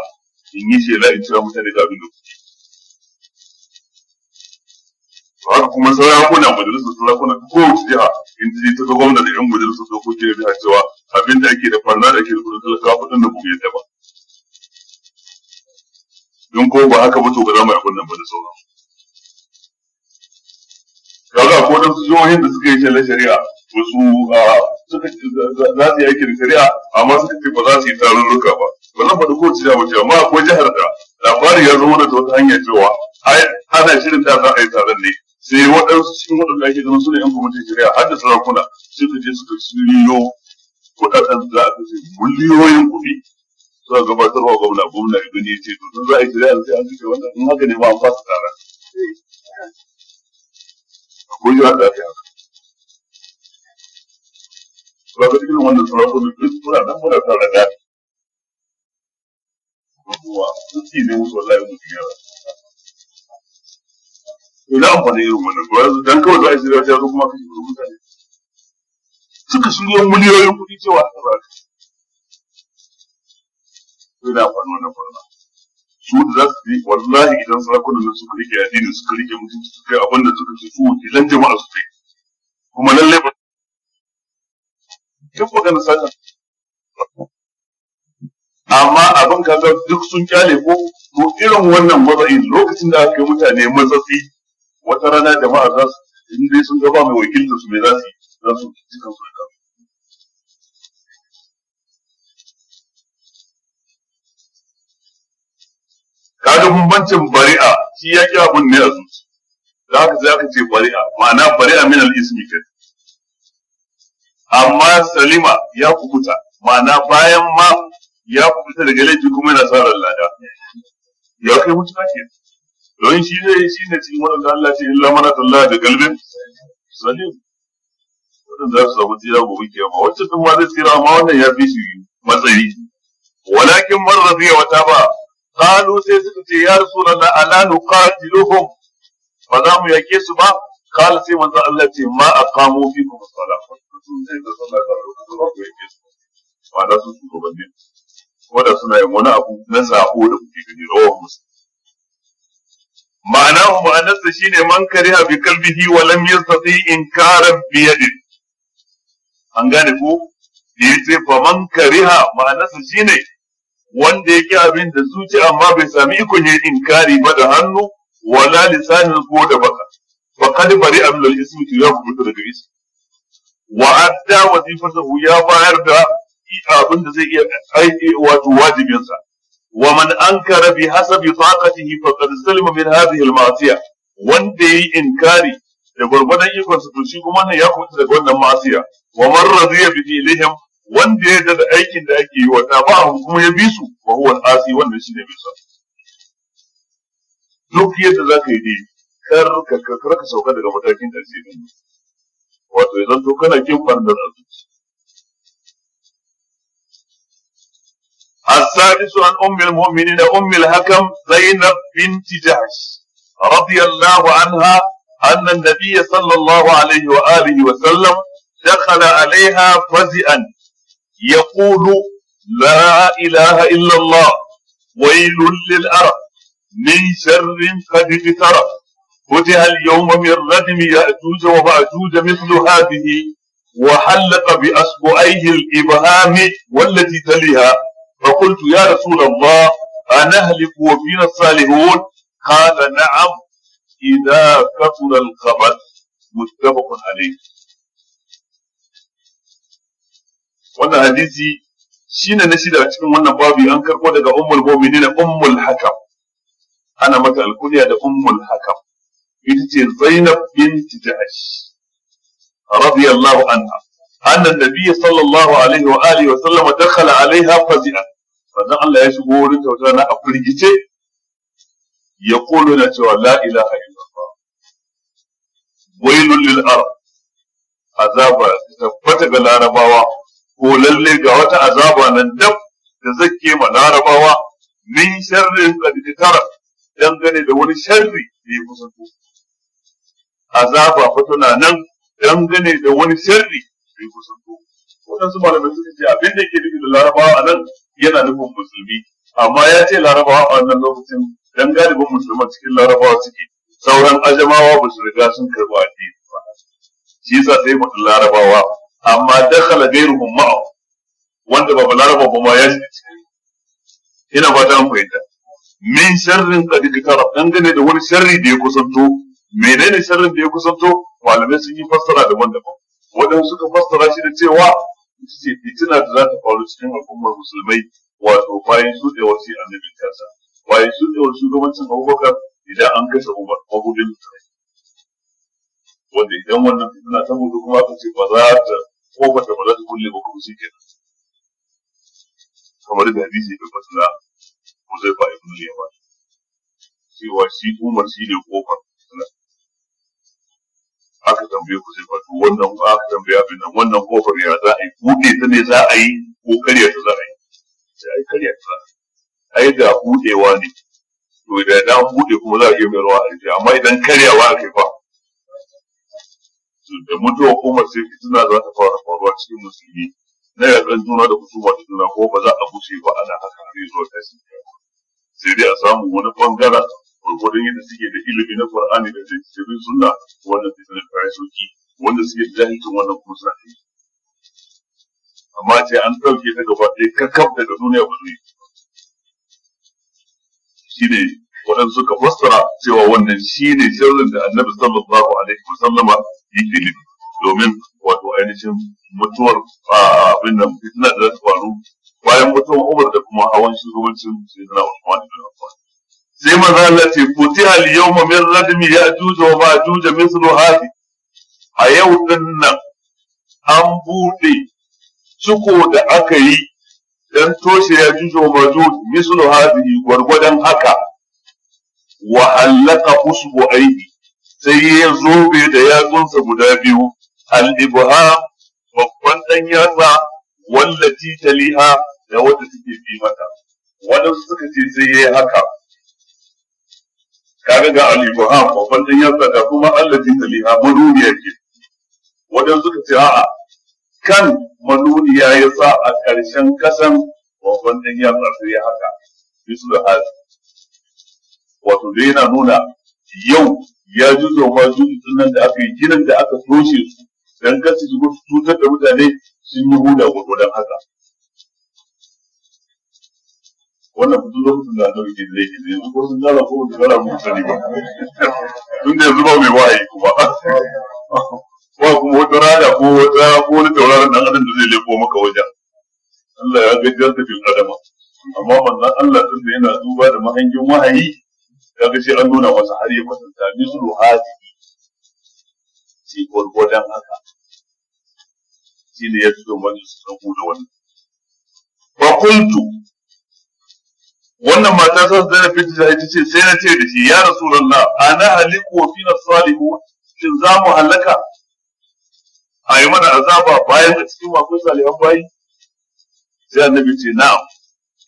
in yi shela in cira mutane da abin da kuke Ba haka kuma sarakuna majalisar sarakuna kowace jiha in ta ta ga gwamna da yan majalisar dokoki da jiha cewa abin da ake da farna da ke da kudin talakawa kudin da ba yadda ba In ko ba haka ba to ba za mu yi abin nan ba da sauran kaga ko da su jihohin da suka yi shelar shari'a wasu suka za su yi aiki da shari'a amma suka ce ba za su yi tarurruka ba ba zan faɗi ko ci ba ce, amma akwai jihar da labari ya zama da ta wata hanyar cewa ana shirin da za a yi taron ne sai waɗansu cikin waɗanda ake ganin su ne yan kwamitin shari'a har da sarakuna suka je suka shiriyo kuɗaɗen da aka ce miliyoyin kuɗi suka gabatar wa gwamna gwamna idan gani ya ce to tun za a yi shari'a sai an kashe wannan in haka ne ba an fasa taron eh. akwai jihar da ake haka ba ga cikin wannan sarakunan duk muna nan muna kan raga ruwa kuma ci ne musu wallahi mutum yara ina amfani irin wannan ba dan kawai za a shirya ta kuma kashe kudin mutane suka shirya miliyoyin kuɗi cewa a ba ina amfani wannan farna su da za su yi wallahi idan sarakunan nan suka rike addini suka rike mutunci suka yi abin da suka ce su wakilan jama'a su kai kuma lallai ba duk amma abin kaza duk sun kyale ko mu irin wannan matsayi lokacin da aka yi mutane mazafi wata rana jama'a za su in dai sun gaba mai da su mai za su za su ci su da Ka kaga bambancin bari'a shi ya ki ne a zuci za ka za ka ce bari'a ma'ana bari'a min al-ismi kai amma salima ya kubuta ma'ana bayan ma ya kubuta daga laifi kuma yana sarar lada ya kai mutuwa ke don shi ne shi ne cikin wadanda Allah ce illa mana tallah da galbin salim wadanda za su samu tsira gobe kiyama wacce sun ma zai tsira ma wannan ya fi shi matsayi walakin man radiya wata ba. qalu sai suka ce ya rasulullah ala nuqatiluhum ba za mu yake su ba قال سي من الله تي ما أقاموا فيكم الصلاة ما da su shugabanni da suna yin wani abu na zaɓo da kuke gani rawar musu ma'ana ma'anarsa ne man kariha bi kalbihi wa lam in kara bi din. an gane ko ce fa man kariha ma'anarsa ne? wanda yake abin da zuci amma bai sami ikon yin inkari ba da hannu wala lisanin ko da baka فقد Bari من الاسم يا كنت daga ismi Wa'adda adda wazifatahu ya bayar da abinda zai iya aiki wato wajibin sa wa man ankara bi hasabi taqatihi faqad salima min hadhihi al ma'siyah wanda yayi inkari da gurgurdan ikonsa sa to shi kuma ne ya kuɓuta daga wannan ma'siya wa man radiya bi wanda ya aikin da ake yi wa kuma ya bi su shi ne bisa duk yadda zaka yi kyar ka kakar ka sauka daga matakin ƙarshe ne wato ya zanto kana kin fardar azuci السادس عن أم المؤمنين أم الحكم زينب بنت جحش رضي الله عنها أن النبي صلى الله عليه وآله وسلم دخل عليها فزئا يقول لا إله إلا الله ويل للأرض من شر قد اقترب فتح اليوم من ردم يأجوج ومأجوج مثل هذه وحلق بأصبعيه الإبهام والتي تليها فقلت يا رسول الله أنهلك وفينا الصالحون قال نعم إذا كثر الخبر متفق عليه وانا حديثي شين نسيد أتكلم وانا بابي أنكر ولد أم المؤمنين أم الحكم أنا مثل كل أم الحكم ita ce Zainab binti Ja'ash radiyallahu anha annan nabi sallallahu alaihi wa alihi wa sallam dakhala alaiha fazi'a sannan Allah ya shigo wurin kyauta na a firgice ya kolo na cewa la ilaha illallah wailul lil arab azaba tabbata ga larabawa ko lalle ga wata azaba nan dab da zake ma larabawa min sharrin qad tara dangane da wani sharri da ya kusanto azaba fa tana nan dangane da wani sharri da ya kusanto waɗansu malamai suka ce abin da ke nufi da larabawa a nan yana nufin musulmi amma ya ce larabawa a wannan lokacin dan galibin musulman cikin larabawa suke sauran ajamawa ba su riga sun karɓi addini ba shi yasa sai mu larabawa amma dakhala gairuhum ma'a wanda ba balaraba ba ma ya shiga cikin ina fata an fahimta min sharrin qad dangane da wani sharri da ya kusanto menene sharrin da ya kusanto malamai sun yi fassara daban-daban waɗansu suka fassara shi da cewa ita ce fitina da za ta faru cikin al'ummar musulmai wato bayan shuɗewar shi annabin kansa bayan shuɗewar shugabancin abubakar idan an kashe umar mabudin mutane wanda idan wannan fitina ta mutu kuma aka ce ba za ta kofar da ba za ta kulle ba kuma shi kenan kamar da hadisi ya fata na Huzaifa ibn Yaman cewa shi Umar shi ne kofar aka tambaye ku sai faɗo wannan aka tambaye abin nan wannan kofar ya za a yi buɗe ta ne za a yi ko karya ta za a yi sai a yi karya ta ai da buɗewa ne to da na buɗe kuma za a iya mai ruwa a rufe amma idan karyawa aka yi fa da mutuwa kuma sai fitina za ta fara faruwa cikin musulmi na yaɗan juna da kusuma ta juna ko ba za a bushe ba ana haka har zuwa tasiri sai dai a samu wani bangaren gwargwadon yadda suke da ilimi na Qur'ani da tafsirin sunna wannan zai sanar da sauki wanda suke da jahilcin wannan kusa suna amma ce an ɗauke ta gaba ɗaya kakkaf daga duniya ba zai shi ne waɗansu suka fassara cewa wannan shi ne sirrin da annabi sallallahu alaihi wa sallama yake nufi domin wato ainihin mutuwar abin da fitina da za ta faru bayan mutuwar umar da kuma hawan shugabancin sai na da na faru sai maza Allah ce futiha al ma min radmi juja wa ma'juj mithlu hadi a yau din nan an buɗe ciko da aka yi dan toshe ya juja wa ma'juj mithlu hadi gwargwadon haka wa allaka usbu aidi sai ya zobe da yatsunsa guda biyu al ibham babban dan yatsa wallati taliha da wata take bi mata wadansu suka ce sai yayi haka kaga ga al-ibham babban dan yatsa ga kuma allazi taliha manuniya ke wadan suka ce a'a kan manuniya ya sa a ƙarshen kasan babban dan yatsa sai ya haka bisu da hal wato dai yana nuna yau ya ji zoma zuci nan da aka yi ginin da aka toshe su dan kar su cutar da mutane sun yi huda gurgurdan haka wannan fitin lokacin da annabi ke zai ke zai yanzu ko sun tara ko ba tara mu sani ba tun da yanzu ba mai waye kuma ba kuma wata rana ko wata ko wani tauraron dan adam da zai leko maka wajen Allah ya gajiyar da fil adama amma manzon Allah tun da yana duba da mahangin wahayi ya ga sai an nuna masa har ya kwatanta mislu hadi shi gwargwadon haka shi ne ya fito mana su da wannan. Fakultu wannan mata sa Zainab bin Jahaj ce sai na ce da shi ya Rasulullah ana haliku wa fina salihu shin za mu halaka a yi mana azaba bayan a cikin kun salihan bayi sai annabi ce na'am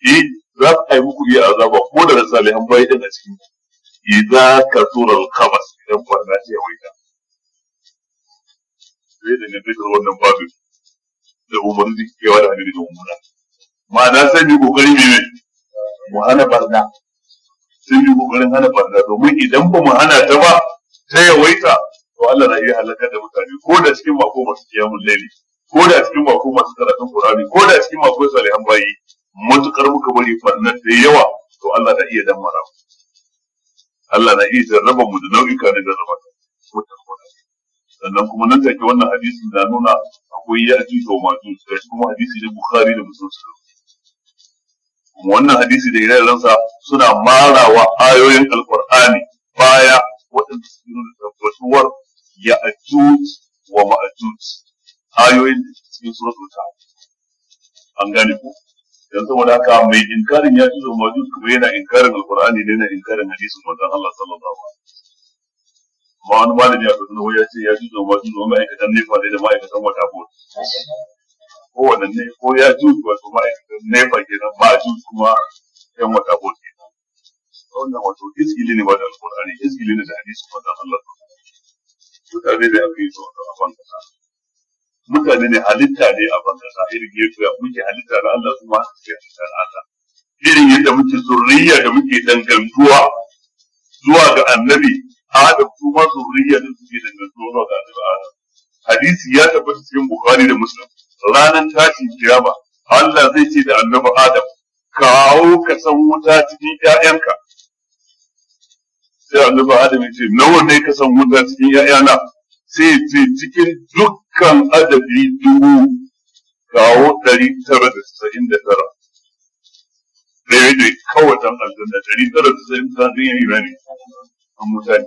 yi za ka yi muku iya azaba ko da salihan bayi din a cikin za ka al-khabas idan barna ce waita sai da nabi wannan babu da umarni kewa da hadisi da umarna ma'ana sai mu kokari ne mu hana barna sun mu kokarin hana barna domin idan ba mu hana ta ba ta yawaita to Allah na iya halakar da mutane ko da cikin mako masu kiyamun laifi, ko da cikin mako masu karatun Qur'ani ko da cikin mako salihan bayi matukar muka bari barnar da yawa to Allah na iya dammara mu Allah na iya jarraba mu da nau'ika na jarraba sannan kuma nan take wannan hadisin da nuna akwai ya ji to ma kuma hadisi ne Bukhari da Muslim wannan hadisi da ire-irensa suna marawa ayoyin alkur'ani baya waɗanda su yi tabbatuwar ya ajuj wa ma'ajuj ayoyin da suke cikin suratul kahf an gane ko Yanzu saboda haka mai inkarin ya juzo majus kuma yana inkarin alkur'ani ne na inkarin hadisin manzon Allah sallallahu alaihi wasallam Ma wani malami a Kaduna ya ce ya juzo majus wa ma'aikatan nefa da ma'aikatan wata board kowane ne ko ya juji wato ma'aikatan nefa nan, ba juji kuma yan wata ba wannan wato iskili ne ba da alƙur'ani ne da hadisi ba da Allah mutane ne aka yi su wato a ban kasa mutane ne halitta ne a ban kasa irin yadda muke halitta na Allah kuma ke halitta da Allah irin yadda muke zurriya da muke dangantuwa zuwa ga annabi Adam kuma zurriya da suke dangantuwa zuwa ga annabi Adam hadisi ya tabbata cikin Bukhari da Muslim ranar tashin kiyama Allah zai ce da annabi Adam kawo ka san wuta cikin ƴaƴanka sai annabi Adam ya ce nawa ne ka san wuta cikin ƴaƴana sai ce cikin dukkan adadi dubu kawo ɗari tara da casa'in da tara ɗaya ne kawai dan aljanna ɗari tara da casa'in da tara ɗin yayi ne an mutane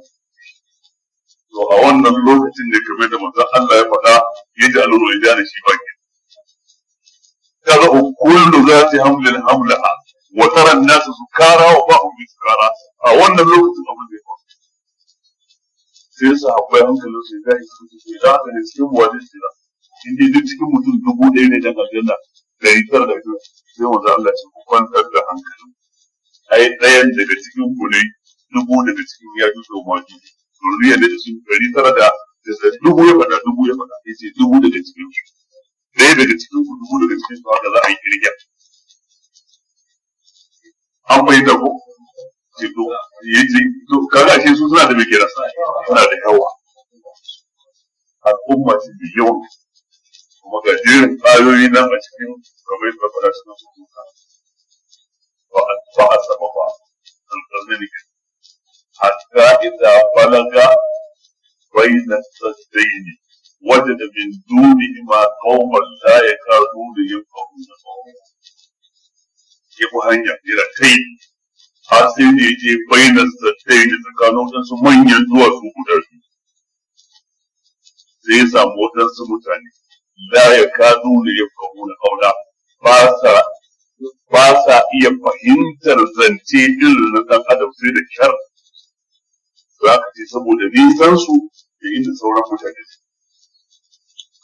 to a wannan lokacin ne kamar da manzon Allah ya faɗa ya ji alwala ya ji shi baki kaga kullu zati hamlin hamlaha wa tara an-nasa sukara wa ba'u bi sukara a wannan lokacin abin da ya faru sai su haɓɓai hankalin su ya yi su su da haka ne cikin wani shida inda dai duk cikin mutum dubu ɗaya ne dan aljanna ɗari tara da biyu sai wanda Allah ya ku kwantar da hankali ai ɗayan daga cikin ku ne dubu daga cikin ya ji so ma ji zuriya da su ɗari tara da dubu ya faɗa dubu ya faɗa ya ce dubu daga cikin su ɗaya daga cikin ku dubu daga cikin su haka za a yi kirga an bai da ku to kaga shi su suna da mai kira suna da yawa al'umma ce mai yawa kuma ga jerin ƙwayoyi nan a cikin kamar yadda faɗa suna su duka ba a saba ba alƙarni ne hatta idza balaga bayna ne. وجد من دونهما قوما لا يكادون يفقهون قولا ya fi hanya yana kai har sai ne yake bayyana zattai da tsakanin waɗansu manyan zuwa su guda su sai ya samu waɗansu mutane la ya da ya kawo na kauna ba sa iya fahimtar zance irin na sai da kyar za ka ce saboda nisan su sauran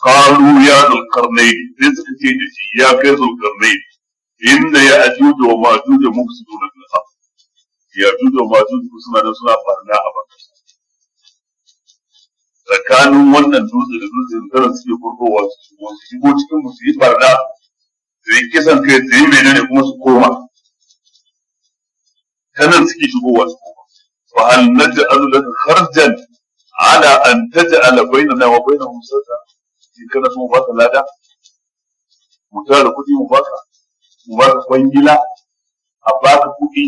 قالوا يا ذو القرنين رزق تيجي يا ذو القرنين إن يأجوج ومأجوج مفسدون في الأرض يأجوج ومأجوج سنة سنة فرنا أبدا tsakanin wannan dutse da dutse da daren suke furtowa su shigo cikin musu yi barna su yi kisan kai su yi menene kuma su koma ta nan suke shigowa su koma ala an taj'ala bainana in kana so mu baka lada mu tara kuɗi mu baka mu baka kwangila a baka kuɗi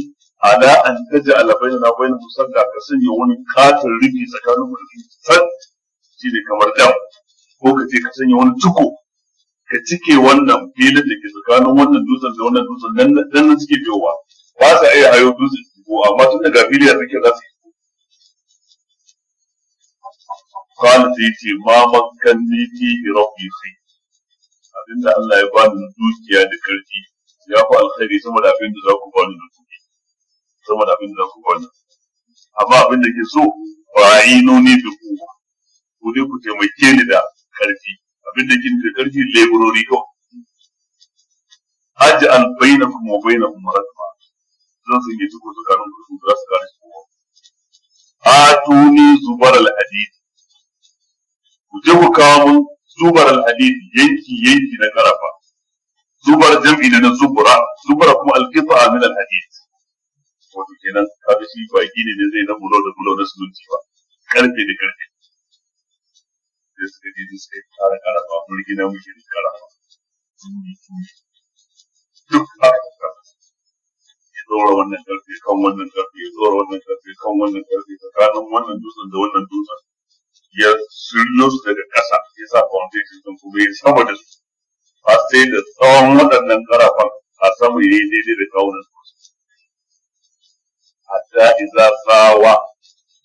ala an taja ala bayyana bayyana musadda ka sanya wani katin rufi tsakanin mu da san shi ne kamar dam ko ka ce ka sanya wani tuko ka cike wannan filin da ke tsakanin wannan dutsen da wannan dutsen dan nan suke biyowa ba sa iya hayo dutsen ko amma tun daga fili suke za su قال سيتي ما مكنني فيه ربي خير abinda Allah ya bani na dukiya da karfi ya fi alkhairi sama da abinda za ku bani da kuɗi sama da abinda za ku bani amma da ke so ba a yi nuni da ku ku dai ku taimake ni da karfi da ke da karfi leburori kawai hajji albaina kuma baina kuma rasma zan sanya shi ko tsakanin ku su za su kare su atuni zubar alhadid ku je ku kawo mun zubar alhadid yanki yanki na karafa zubar jam'i na zubura zubar kuma alqita min alhadid wato kenan kaga shi ba gini ne zai na bulo da bulo na sununci ba karfe da karfe sai suka je sai kara karafa mun gina muke da karafa duk a tsora wannan karfe kan wannan karfe tsora wannan karfe kan wannan karfe tsakanin wannan dutsen da wannan dutsen ya sullo su daga ƙasa ya sa foundation ɗin kuma ya saba da su a sai da tsawon waɗannan ƙarafan a samu ya yi daidai da kawunan su hatta iza sawa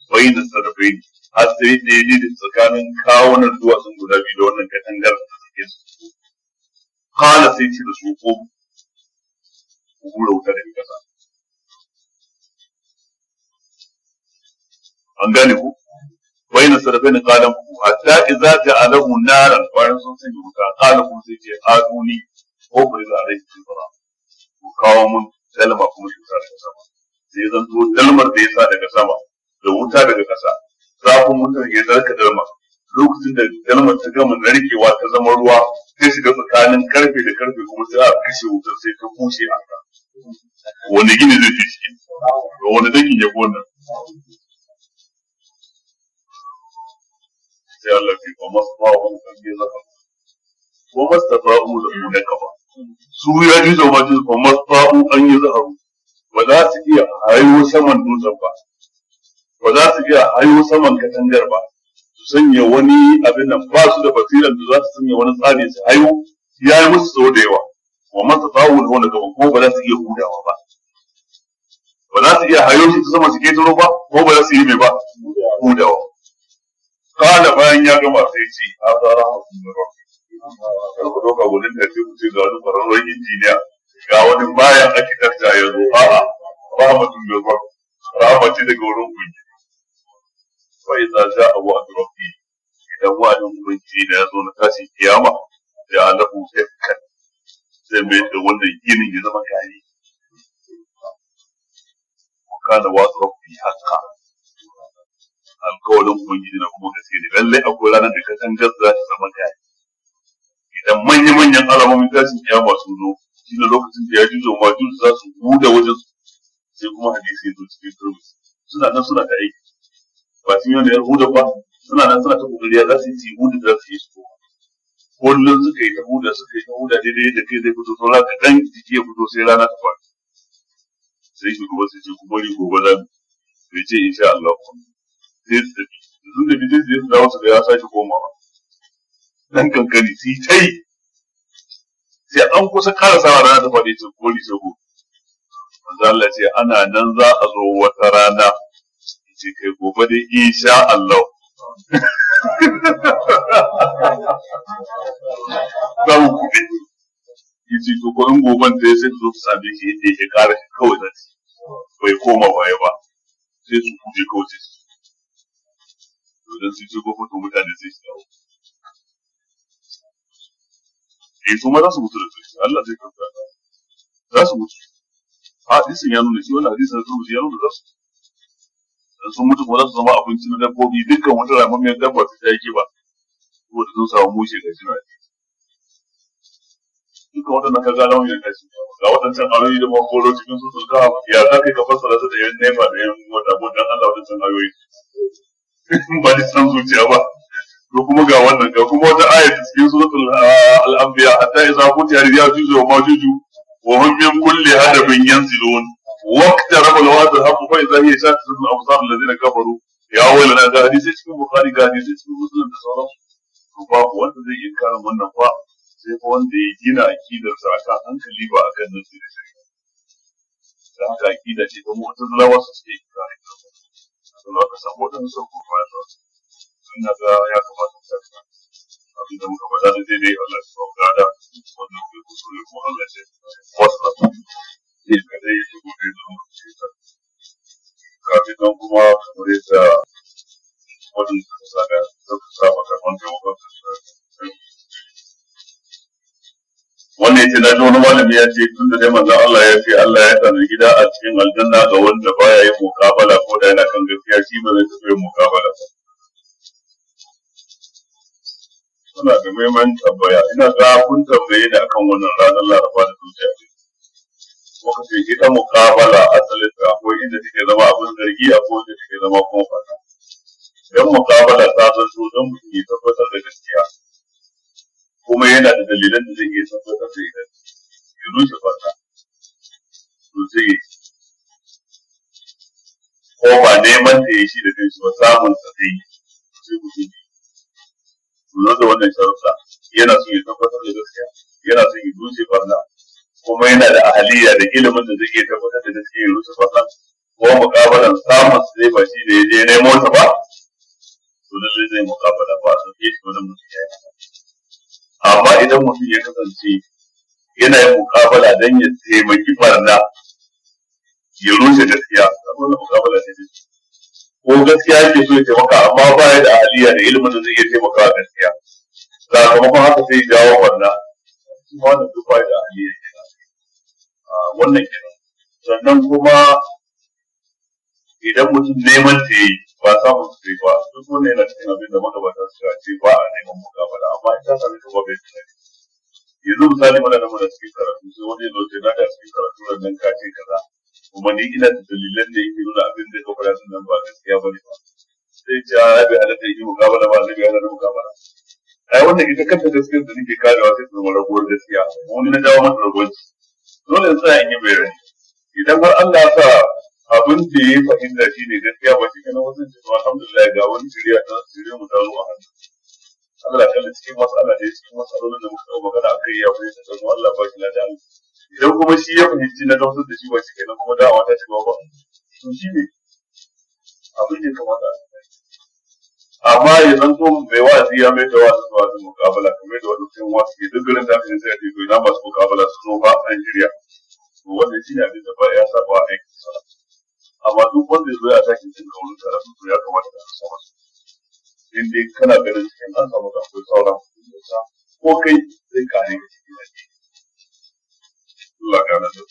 bai na sarfai A sai daidai da tsakanin kawunan duwatsun guda biyu da wannan katangar da suke su kala sai ce da su ko ku wuta daga ƙasa an gane ku bayin sarfin qala mu hatta idza ja'alahu naran bayan sun sanya wuta qala mu sai ce atuni ko bari za a yi tsara ku kawo mun dalma kuma shi ta sama sai zan zo dalmar da yasa daga sama da wuta daga kasa zafin mutum ya zarka dalma lokacin da dalmar ta gama narkewa ta zama ruwa sai shiga tsakanin karfe da karfe kuma sai a kashe wutar sai ta kushe haka wani gini zai fi wani dakin ya gona sai Allah ce wa masfa'un kabiratan wa mastafa'u da mu da kafa su ya ji da waje wa masfa'u an yi zaharu ba za su iya hayo saman dutsen ba ba za su iya hayo saman katangar ba su sanya wani abin nan ba su da basiran da za su sanya wani tsari su hayo ya yi musu sau da yawa wa mastafa'u da wani gaba ko ba za su iya hudawa ba ba za su iya hayo shi ta sama su ketaro ba ko ba za su yi mai ba hudawa kala bayan ya gama sai ce a tsara masu zaro kar ku doka gudun da ce kuce ga wani injiniya ga wani baya arkitekta ya zo a'a rahmatun bai zuwa rahmaci daga wurin kungi bai za sha abu a turofi idan wa'adin kungi da ya zo na tashi kiyama da alaƙu dukkan zai mai da wannan ginin ya zama gari kana wasu rafi haka alkawarin ubangiji na kuma gaske ne lallai akwai ranar da katangar za ta zama ta idan manya-manyan alamomi alamomin tashin kiyama masu zo shi ne lokacin da ya ji zo ma za su buɗe wajen sai kuma hadisi ya zo cikin turbis suna nan suna ta aiki ba sun yi wani yan huda ba suna nan suna ta kokariya za su yi su huda za su yi su kullum suka yi ta huda suka yi ta huda daidai da kai zai fito to za ka dan jiki ya fito sai rana ta faɗi sai shi gobe sai ce kuma ni gobe za mu sai ce insha Allah kuma sai su tafi sun tafi sai su je su dawo su ga ya sake komawa dan kankani sai ta sai an kusa karasa wa rana ta faɗi ce koli ce ko manzo Allah ce ana nan za a zo wata rana ce kai gobe dai insha Allah za mu kuɗi yace to ko in goben da sai su same shi yadda yake ƙara kawai da zai bai koma baya ba sai su kuje kawai idan sun shigo ko to mutane sai su dawo eh su ma za su mutu da su Allah zai karɓa za su mutu hadisin ya nuna shi wannan hadisin sun mutu ya nuna za su dan sun mutu kuma za su zama abinci na dabbobi dukkan wata ramammiyar dabba ta ta yake ba saboda sun samu mushe ga jina dukkan waɗannan ka gano yin kashi ga waɗancan ayoyi da makoro cikin su sulka ya za ka fassara su da yan nefa da yan wata mutan Allah waɗancan ba da san zuciya ba To kuma ga wannan ga kuma wata aya ta cikin suratul ah, al-anbiya hatta idza qutiya riyajuju wa majuju wa hum min kulli hadabin yanzilun واقترب الوعد الحق فاذا هي شاكسه الابصار الذين كفروا يا ويلنا ga hadisi cikin bukhari ga hadisi cikin muslim da sauransu to babu wanda zai yi karin wannan ba sai ko wanda ya gina akidar sa akan hankali ba akan nan sai da shi da haka akida ce ta mu'tazilawa su ce karin da za ka samu waɗanda suka kuma da sun na ga ya kamata ka ka abin da muka faɗa da daidai Allah ya kawo gada wannan kuma kuskure kuma Allah ya ce wasu na kuma ne ka dai ya gobe da mutum ce ta kafin nan kuma kamar yadda wannan suka sa da suka sa mata wanda muka kasa wanda ce na ji wani malami ya ce tun da dai manzon Allah ya ce Allah ya tsare gida a cikin aljanna ga wanda baya yi mukabala ko da yana kan gaskiya shi ba zai taɓa yin mukabala ba suna da muhimman tambaya ina ga kun tambaye ni akan wannan ranar laraba da zuciya ko ce ita mukabala asalin ta akwai inda take zama abin zargi akwai inda take zama kuma fata dan mukabala ta zanto don mutum ya tabbatar da gaskiya kuma yana da dalilan da zai iya tabbatar da ita ya rushe fata to zai ko ba neman da ya shi da kanshi ba samun sa zai sai mutum lura da wannan sharuɗa yana son ya tabbatar da gaskiya yana so ya rushe barna kuma yana da ahaliya da ilimin da zai iya tabbatar da gaskiya ya rushe barna ko mukabalan samun sa zai ba shi da ya je nemo ta ba to lallai zai mukabala ba a sauke shi wani mutum ya yi haka-haka. amma idan mutum ya kasance yana yin mukabala don ya taimaki barna ya rushe gaskiya wannan mukabala ne ko gaskiya yake so ya taimaka amma ba ya da aliya da ilimin da zai iya taimaka wa gaskiya sakamakon haka sai jawo barna wannan duk ba ya da aliya ah, wannan kenan sannan kuma idan mutum neman ta yi ba samu su yi ba duk wanda yana cikin abin da magabata su ka ce ba a neman mukabala amma ita ta sami kuma bai tunani yanzu misali mana da mana cikin karatu sai wani ya zoce na da cikin karatu da nan ka ce kaza kuma ni ina da dalilan da yake nuna abin da ka faɗa sun nan ba gaskiya ba ne ba sai ce ya bai halatta yi mukabala ba zai bai halatta mukabala ai wannan ita kanta gaskiyar da nake karewa sai su zama raguwar gaskiya wani na dawo masa raguwar dole in tsaya in yi bayani idan har Allah ya sa abin da ya yi fahimta shi ne gaskiya ba shi kana wasu cewa alhamdulillah ga wani shirya ta shirya mu da ruwa hannu Allah kalli cikin mas'ala da cikin mas'alolin da muka ɗau magana akai ya fahimta da mu Allah ba shi lada idan kuma shi ya fahimci na gamsar da shi ba shi kenan kuma dawa ta shiga ba to shi ne abin da ya kamata amma ya san to mai wazi ya mai da wasu wasu mukabala kamar da wasu cikin wasu ke duk garin da aka yi sai ya ce to ina masu mukabala su zo ba a Najeriya to wannan shi ne abin da ba ya saba aiki sana'a amma duk wanda ya zo ya tashi cikin da rasu to ya kamata ka sassa masa inda dai kana ganin cikin an samu da akwai sauran sa ko kai zai kare ka cikin yaki Allah gane da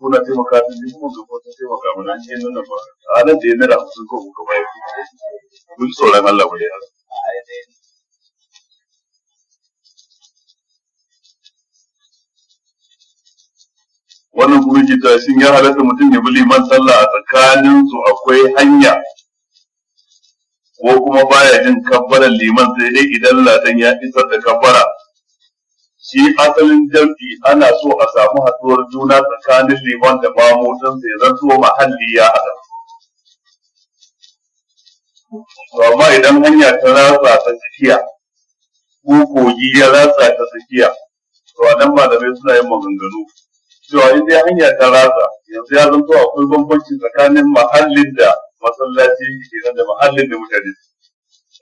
Ko na taimaka ta ji kuma gaba ta taimaka mana an ce nuna ba a nan da ya nira hamsin ko kuma ya fi kun tsoron Allah wani ya wannan kuma yake cewa shin ya halatta mutum ya bi liman sallah a tsakanin su akwai hanya ko kuma baya jin kabbalar liman sai dai idan latan ya isar da kabbara shi asalin jam'i ana so a samu haɗuwar juna tsakanin liman da don sai so mahalli ya haɗa to amma idan hanya ta ratsa ta tsakiya ko kogi ya ratsa ta tsakiya to a nan malamai suna yin maganganu cewa in dai hanya ta ratsa yanzu ya zanto akwai bambanci tsakanin mahallin da masallaci nan da mahallin da mutane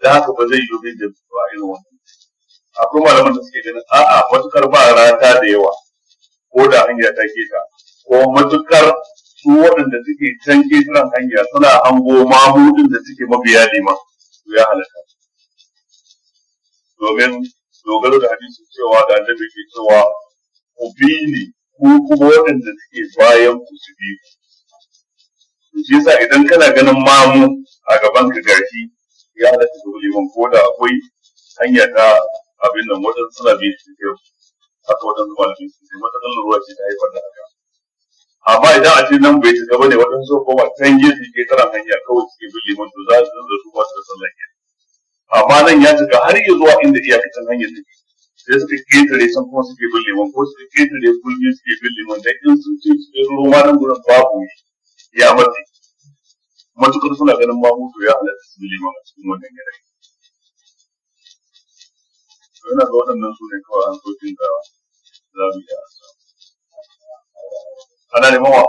da haka ba zai yi bin da ba irin wannan akwai malaman da suke ganin a'a matukar ba rata da yawa ko da hanya ta keta ko matukar su waɗanda suke can ƙetaren hanya suna hango mamudin da suke mabiya lima su ya halatta domin dogaro da hadisi cewa da annabi ke cewa ku bi ni ko kuma waɗanda suke bayan ku su bi ku shi yasa idan kana ganin mamu a gaban ka gashi ya halatta ka liman ko da akwai hanya ta abin da wajen suna bi su ke haka wajen zuwa bi su ke wata ɗan ce ta haifar da haka amma idan a ce nan bai ci gaba ne wajen so koma can gefe ke tana hanya kawai suke bi liman to za su zama su masu da sallah amma nan ya cika har yi zuwa inda iyakacin hanyar take sai su ketare sun kuma suke bin liman ko su ketare kulmi suke bin liman da in sun ce su yi ruwa nan gurin babu ya mace matukar suna ganin ma mutu ya halatta su liman wannan yanayi yana da za mu iya asa ana neman wa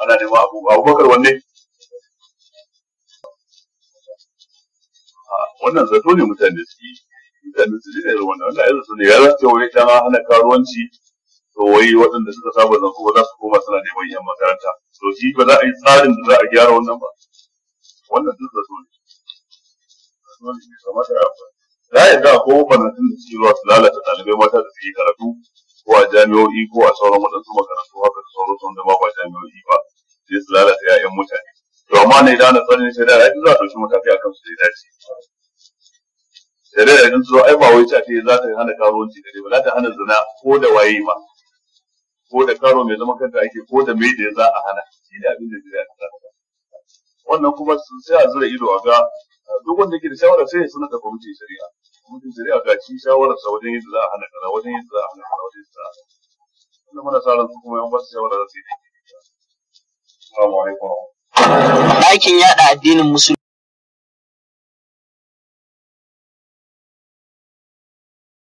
ana neman abu abubakar wanne wannan zato ne mutane suke mutane su jina da wannan Allah ya rasu ne ya rasu wai ta ma hana karuwanci to wai waɗanda suka saba zan kuma za su koma suna neman yan makaranta to shi ba za a yi tsarin da za a gyara wannan ba wannan duk rasu ne yi Za a ya yarda ko makarantun da suke zuwa su lalata ɗalibai mata da suke karatu ko a jami'o'i ko a sauran waɗansu makarantu haka da sauran su wanda ba ba jami'o'i ba sai su lalata 'ya'yan mutane to amma ne da na tsarin shari'a ya za a ɗauki matakai kan su da dace shari'a idan zo ai ba wai ta ce za ta hana karuwanci kaje ba za ta hana zina ko da waye ma ko da karo mai zaman kanta ake ko da mai da za a hana shi ne abin da shari'a ta saka wannan kuma sai a zura ido a ga duk wanda ke da shawara sai ya sanar da kwamitin shari'a kwamitin shari'a ga shi shawarar sa wajen yadda za a hana kaza wajen yadda za a hana kaza wajen yadda za a hana wannan muna sa ran su kuma yan ba su shawara za su yi da ke Assalamu alaikum. Ɗakin yaɗa addinin musulmi.